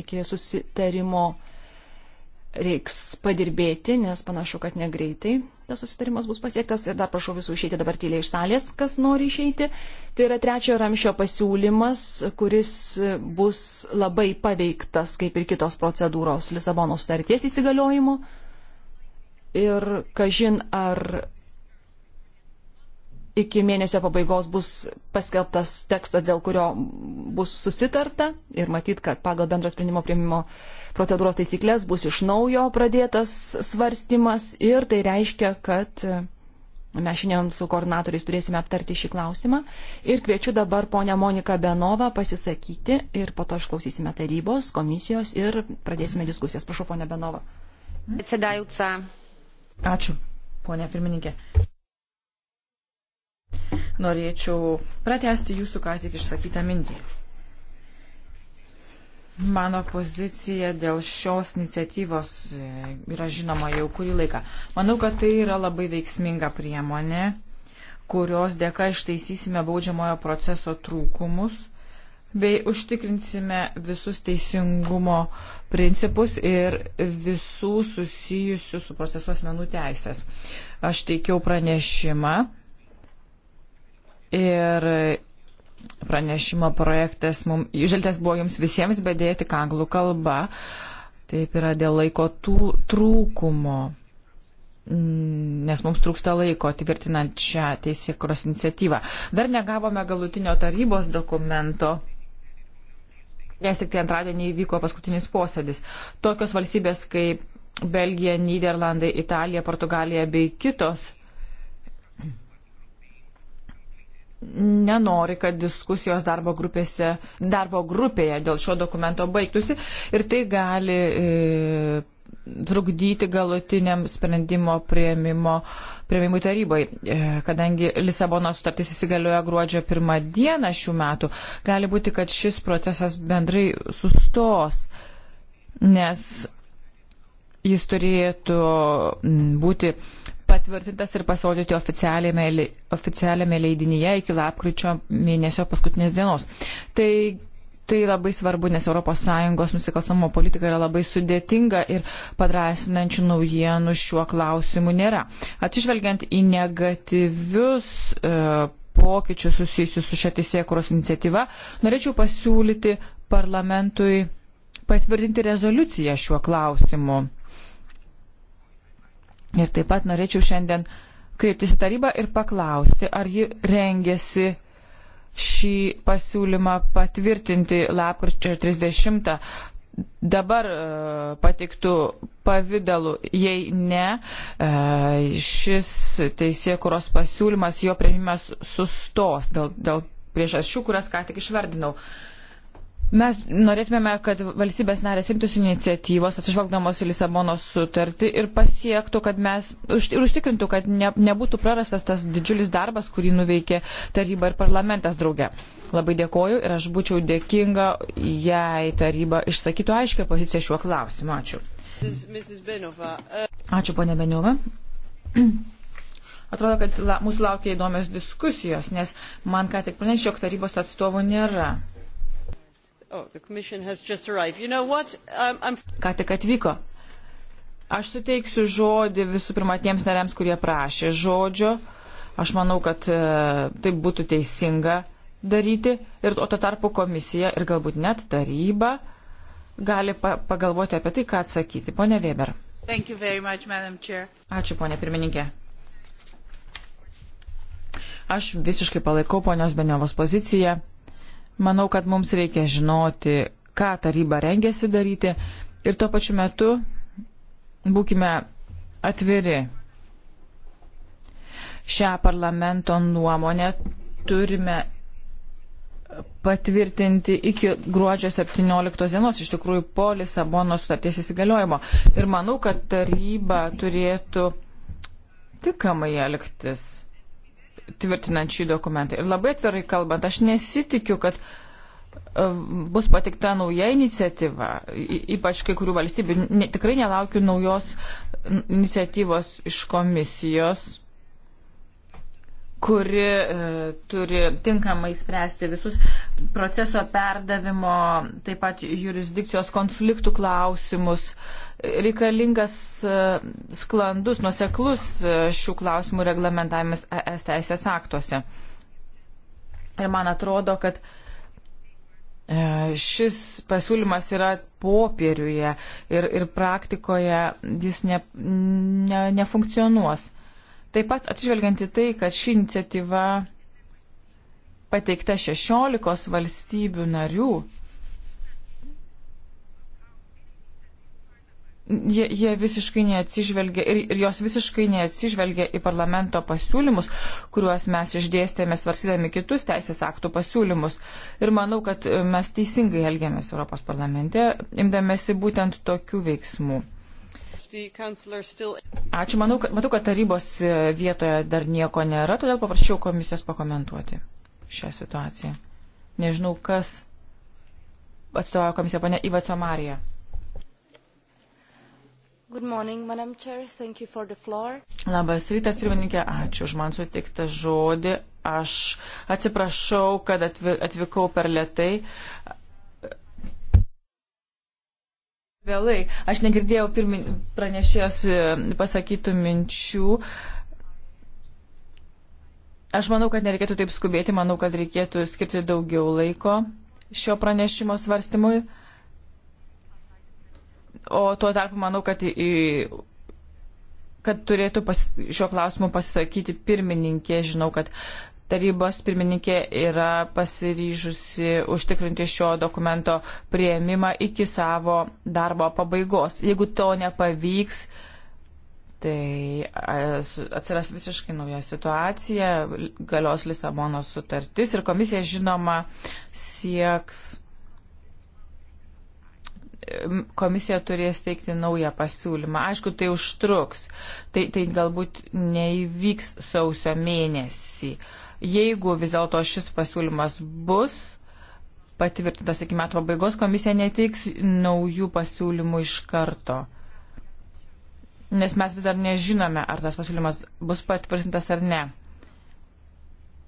iki susitarimo reiks padirbėti, nes panašu, kad negreitai tas susitarimas bus pasiektas. Ir dar prašau visų išeiti dabar tyliai iš salės, kas nori išeiti. Tai yra trečiojo ramšio pasiūlymas, kuris bus labai paveiktas, kaip ir kitos procedūros Lisabono sutarties įsigaliojimo. Ir kažin ar iki mėnesio pabaigos bus paskelbtas tekstas, dėl kurio bus susitarta ir matyt, kad pagal bendro sprendimo prieimimo procedūros taisyklės bus iš naujo pradėtas svarstymas ir tai reiškia, kad mes šiandien su koordinatoriais turėsime aptarti šį klausimą ir kviečiu dabar ponę Moniką Benovą pasisakyti ir po to išklausysime tarybos, komisijos ir pradėsime diskusijas. Prašau, ponė Benova. Ačiū, ponė pirmininkė. Norėčiau pratesti jūsų ką tik išsakytą mintį. Mano pozicija dėl šios iniciatyvos e, yra žinoma jau kurį laiką. Manau, kad tai yra labai veiksminga priemonė, kurios dėka ištaisysime baudžiamojo proceso trūkumus bei užtikrinsime visus teisingumo principus ir visų susijusių su procesu asmenų teisės. Aš teikiau pranešimą Ir pranešimo projektas mums, žaltės buvo jums visiems, bet dėja tik anglų kalba. Taip yra dėl laiko tų, trūkumo, mm, nes mums trūksta laiko tvirtinant šią teisėkuros iniciatyvą. Dar negavome galutinio tarybos dokumento. Nes tik tai antradienį įvyko paskutinis posėdis. Tokios valstybės kaip Belgija, Niderlandai, Italija, Portugalija bei kitos nenori, kad diskusijos darbo, grupėse, darbo grupėje dėl šio dokumento baigtųsi ir tai gali e, trukdyti galutiniam sprendimo prieimimo, prieimimui tarybai. E, kadangi Lisabono sutartis įsigalioja gruodžio pirmą dieną šių metų, gali būti, kad šis procesas bendrai sustos, nes jis turėtų būti patvirtintas ir pasirodyti oficialiame, oficialiame leidinyje iki lapkričio mėnesio paskutinės dienos. Tai, tai labai svarbu, nes ES nusikalstamo politika yra labai sudėtinga ir padrasinančių naujienų šiuo klausimu nėra. Atsižvelgiant į negatyvius. Uh, e, pokyčių susijusių su šia teisėkuros iniciatyva, norėčiau pasiūlyti parlamentui patvirtinti rezoliuciją šiuo klausimu. Ir taip pat norėčiau šiandien kreiptis į tarybą ir paklausti, ar ji rengėsi šį pasiūlymą patvirtinti lapkričio 30 dabar e, patiktų pavydalu. Jei ne, e, šis teisėkuros pasiūlymas, jo prieimimas sustos dėl, dėl priežasčių, kurias ką tik išvardinau. Mes norėtume, kad valstybės narės imtųsi iniciatyvos, atsižvelgdamos į Lisabonos sutartį ir pasiektų, kad mes ir užtikrintų, kad ne, nebūtų prarastas tas didžiulis darbas, kurį nuveikė taryba ir parlamentas drauge. Labai dėkoju ir aš būčiau dėkinga, jei taryba išsakytų aiškę poziciją šiuo klausimu. Ačiū. Ačiū, ponė Beniova. Atrodo, kad la, mūsų laukia įdomios diskusijos, nes man ką tik pranešė, jog tarybos atstovų nėra. Oh, you know um, Ką tik atvyko. Aš suteiksiu žodį visų pirma tiems nariams, kurie prašė žodžio. Aš manau, kad e, tai būtų teisinga daryti. Ir, o to tarpu komisija ir galbūt net taryba gali pa pagalvoti apie tai, ką atsakyti. Pone Weber. Much, Ačiū, ponė pirmininkė. Aš visiškai palaikau ponios Beniovos poziciją. Manau, kad mums reikia žinoti, ką taryba rengėsi daryti ir tuo pačiu metu būkime atviri. Šią parlamento nuomonę turime patvirtinti iki gruodžio 17 dienos, iš tikrųjų po Lisabono sutarties įsigaliojimo. Ir manau, kad taryba turėtų tikamai elgtis tvirtinant šį dokumentą. Ir labai atvirai kalbant, aš nesitikiu, kad e, bus patikta nauja iniciatyva, ypač kai kurių valstybių. Ne, tikrai nelaukiu naujos iniciatyvos iš komisijos kuri e, turi tinkamai spręsti visus proceso perdavimo, taip pat jurisdikcijos konfliktų klausimus. Reikalingas e, sklandus, nuseklus e, šių klausimų reglamentavimas ES teisės aktuose. Ir man atrodo, kad e, šis pasiūlymas yra popieriuje ir, ir praktikoje jis ne, ne, nefunkcionuos. Taip pat atsižvelgiant į tai, kad ši iniciatyva pateikta 16 valstybių narių, jie, jie visiškai neatsižvelgia ir, ir jos visiškai neatsižvelgia į parlamento pasiūlymus, kuriuos mes išdėstėme svarsydami kitus teisės aktų pasiūlymus. Ir manau, kad mes teisingai elgiamės Europos parlamente, imdamėsi būtent tokių veiksmų. Still... Ačiū, manau, kad, matau, kad tarybos e, vietoje dar nieko nėra, todėl paprašiau komisijos pakomentuoti šią situaciją. Nežinau, kas atstovauja komisiją, pane Ivaco Marija. Morning, Labas rytas, pirmininkė, ačiū už man sutiktą žodį. Aš atsiprašau, kad atvykau per lietai. Uh, Vėlai, aš negirdėjau pirmin, pranešėjos e, pasakytų minčių. Aš manau, kad nereikėtų taip skubėti, manau, kad reikėtų skirti daugiau laiko šio pranešimo svarstymui. O tuo tarpu manau, kad, į, kad turėtų pas, šio klausimu pasakyti pirmininkė. Žinau, kad tarybos pirmininkė yra pasiryžusi užtikrinti šio dokumento prieimimą iki savo darbo pabaigos. Jeigu to nepavyks, tai atsiras visiškai nauja situacija, galios Lisabonos sutartis ir komisija žinoma sieks. Komisija turės teikti naują pasiūlymą. Aišku, tai užtruks. Tai, tai galbūt neįvyks sausio mėnesį. Uh, Jeigu vis dėlto šis pasiūlymas bus patvirtintas iki metų pabaigos, komisija neteiks naujų pasiūlymų iš karto. Nes mes vis dar nežinome, ar tas pasiūlymas bus patvirtintas ar ne.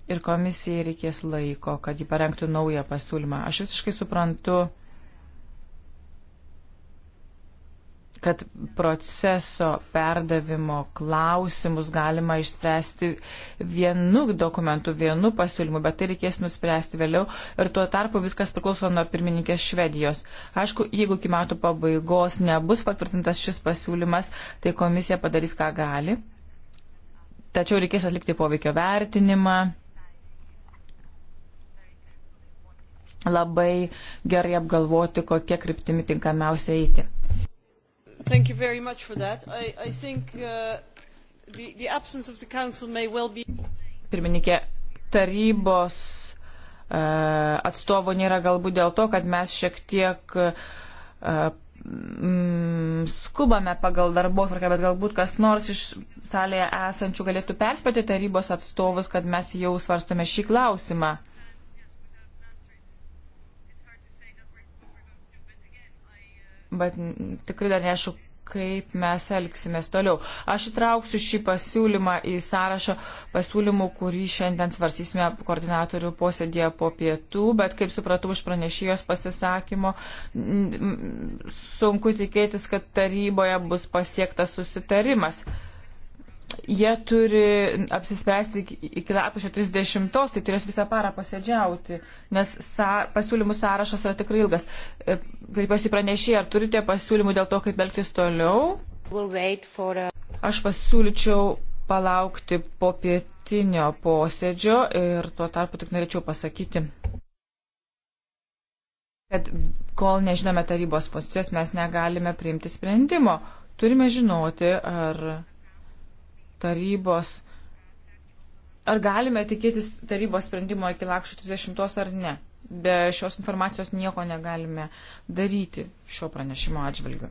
Ir komisijai reikės laiko, kad jį parengtų naują pasiūlymą. Aš visiškai suprantu kad proceso perdavimo klausimus galima išspręsti vienu dokumentu, vienu pasiūlymu, bet tai reikės nuspręsti vėliau ir tuo tarpu viskas priklauso nuo pirmininkės Švedijos. Aišku, jeigu iki metų pabaigos nebus patvirtintas šis pasiūlymas, tai komisija padarys, ką gali. Tačiau reikės atlikti poveikio vertinimą, labai gerai apgalvoti, kokie kryptimi tinkamiausia eiti. Thank you very much for that. I, I think uh, the, the absence of the council may well be. Pirmininkė, tarybos uh, atstovo nėra galbūt dėl to, kad mes šiek tiek uh, mm, skubame pagal darbo tvarką, bet galbūt kas nors iš salėje esančių galėtų perspėti tarybos atstovus, kad mes jau svarstome šį klausimą. bet tikrai dar neaišku, kaip mes elgsimės toliau. Aš įtrauksiu šį pasiūlymą į sąrašą pasiūlymų, kurį šiandien svarstysime koordinatorių posėdėje po pietų, bet kaip supratau iš pranešėjos pasisakymo, sunku tikėtis, kad taryboje bus pasiektas susitarimas. Jie turi apsispręsti iki lapkričio 30, tai turės visą parą posėdžiauti, nes sa, pasiūlymų sąrašas yra tikrai ilgas. E, kreipiuosi pranešė, ar turite pasiūlymų dėl to, kaip elgtis toliau? Aš pasiūlyčiau palaukti po pietinio posėdžio ir tuo tarpu tik norėčiau pasakyti, kad kol nežinome tarybos pozicijos, mes negalime priimti sprendimo. Turime žinoti, ar tarybos. Ar galime tikėtis tarybos sprendimo iki lakščio 30 ar ne? Be šios informacijos nieko negalime daryti šio pranešimo atžvilgiu.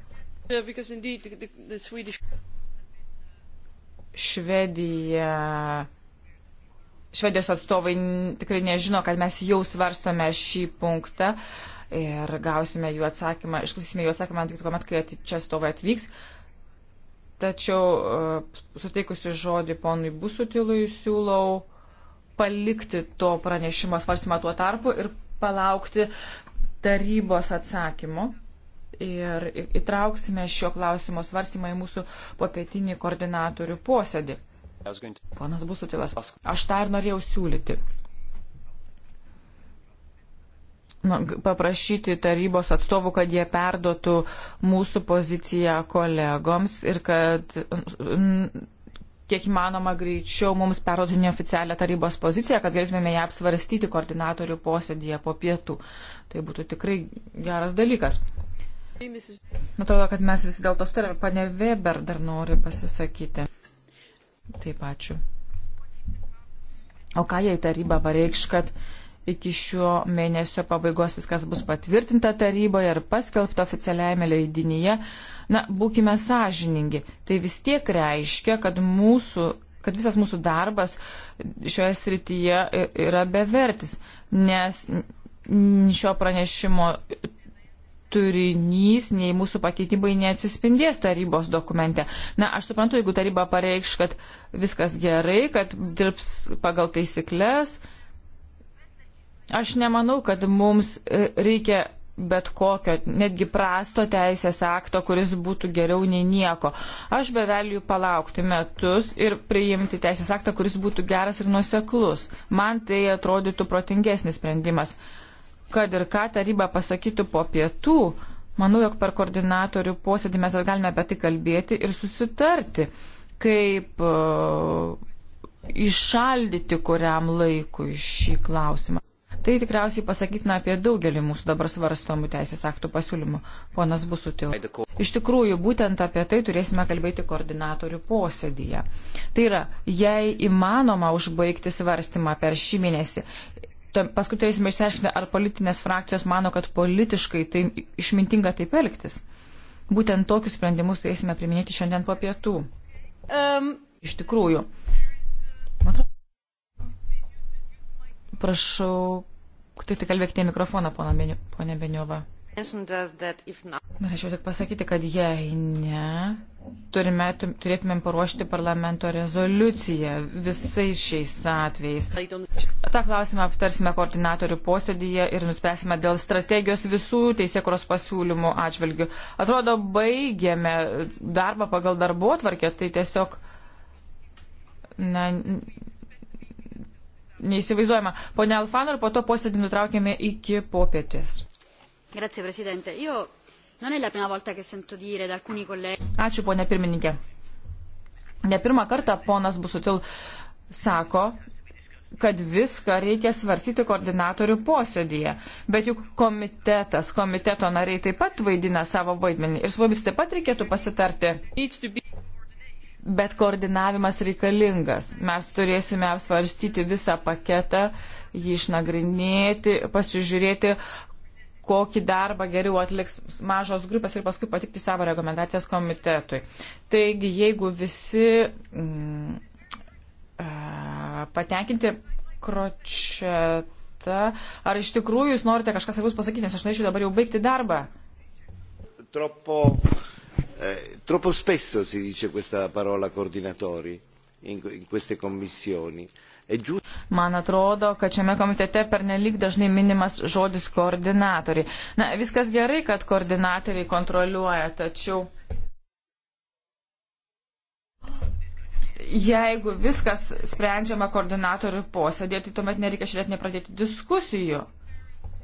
Švedija. Švedijos atstovai tikrai nežino, kad mes jau svarstome šį punktą ir gausime jų atsakymą, išklausysime jų atsakymą tik tuomet, kai čia atstovai atvyks. Uh, Tačiau e, suteikusi žodį ponui Busutilui siūlau palikti to pranešimo svarstymą tuo tarpu ir palaukti tarybos atsakymo. Ir įtrauksime šio klausimo svarstymą į mūsų popietinį koordinatorių posėdį. Ponas Busutilas, aš tą ir norėjau siūlyti. nu, paprašyti tarybos atstovų, kad jie perdotų mūsų poziciją kolegoms ir kad kiek įmanoma greičiau mums perduotų neoficialią tarybos poziciją, kad galėtume ją apsvarstyti koordinatorių posėdėje po pietų. Tai būtų tikrai geras dalykas. Atrodo, kad mes vis dėlto starėme. Pane Weber dar nori pasisakyti. Taip, ačiū. O ką jei taryba pareikš, kad uh, Iki šio mėnesio pabaigos viskas bus patvirtinta taryboje ir paskelbta oficialiajame leidinyje. Na, būkime sąžiningi. Tai vis tiek reiškia, kad, mūsų, kad visas mūsų darbas šioje srityje yra bevertis, nes šio pranešimo turinys, nei mūsų pakeitimai neatsispindės tarybos dokumente. Na, aš suprantu, jeigu taryba pareikš, kad viskas gerai, kad dirbs pagal taisyklės, Aš nemanau, kad mums e, reikia bet kokio, netgi prasto teisės akto, kuris būtų geriau nei nieko. Aš beveliu palaukti metus ir priimti teisės aktą, kuris būtų geras ir nuseklus. Man tai atrodytų protingesnis sprendimas. Kad ir ką taryba pasakytų po pietų, manau, jog per koordinatorių posėdį mes galime apie tai kalbėti ir susitarti, kaip uh, išaldyti kuriam laikui šį klausimą. Tai tikriausiai pasakytina apie daugelį mūsų dabar svarstomų teisės aktų pasiūlymų. Ponas Busutil. Iš tikrųjų, būtent apie tai turėsime kalbėti koordinatorių posėdyje. Tai yra, jei įmanoma užbaigti svarstymą per šį mėnesį, paskui turėsime išsiaiškinti, ar politinės frakcijos mano, kad politiškai tai išmintinga taip elgtis. Būtent tokius sprendimus turėsime priminėti šiandien po pietų. Um. Iš tikrųjų. Matau. Prašau, tai tik tai kalbėkite į mikrofoną, ponė Beniova. Norėčiau tik pasakyti, kad jei ne, turime, turėtumėm paruošti parlamento rezoliuciją visais šiais atvejais. Ta klausimą aptarsime koordinatorių posėdėje ir nuspręsime dėl strategijos visų teisėkuros pasiūlymų atžvilgių. Atrodo, baigėme darbą pagal darbo atvarkę, tai tiesiog na, neįsivaizduojama. Pone Alfano ir po to posėdį nutraukėme iki popietės. Grazie, Presidente. Io non è la prima volta che sento dire da alcuni colleghi. Ačiū, ponė pirmininkė. Ne pirmą kartą ponas Busutil sako, kad viską reikia svarsyti koordinatorių posėdėje. Bet juk komitetas, komiteto nariai taip pat vaidina savo vaidmenį ir su mumis taip pat reikėtų pasitarti bet koordinavimas reikalingas. Mes turėsime apsvarstyti visą paketą, jį išnagrinėti, pasižiūrėti, kokį darbą geriau atliks mažos grupės ir paskui patikti savo rekomendacijas komitetui. Taigi, jeigu visi mm, e, patenkinti kročetą, ar iš tikrųjų jūs norite kažką svarbaus pasakyti, nes aš norėčiau dabar jau baigti darbą. Troppo Eh, troppo spesso si dice questa parola coordinatori in, in queste commissioni. Giu... Man atrodo, kad šiame komitete pernelyg dažnai minimas žodis koordinatoriai. Na, viskas gerai, kad koordinatoriai kontroliuoja, tačiau jeigu viskas sprendžiama koordinatorių posėdėje, tai tuomet nereikia šiandien nepradėti diskusijų.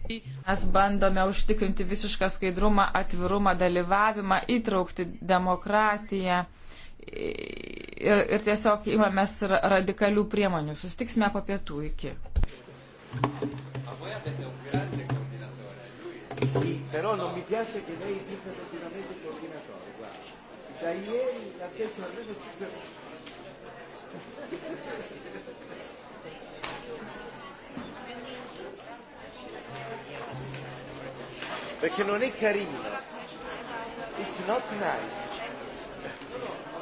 Mes bandome užtikrinti visišką skaidrumą, atvirumą, dalyvavimą, įtraukti demokratiją ir, ir tiesiog imamės radikalių priemonių. Sustiksime po pietų iki. Sì, però non mi piace che lei dica continuamente coordinatore, guarda. Da ieri l'ha detto almeno 5 volte. perché non è carino. It's not nice.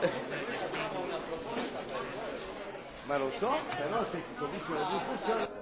Ma lo so, però se si comincia la discussione...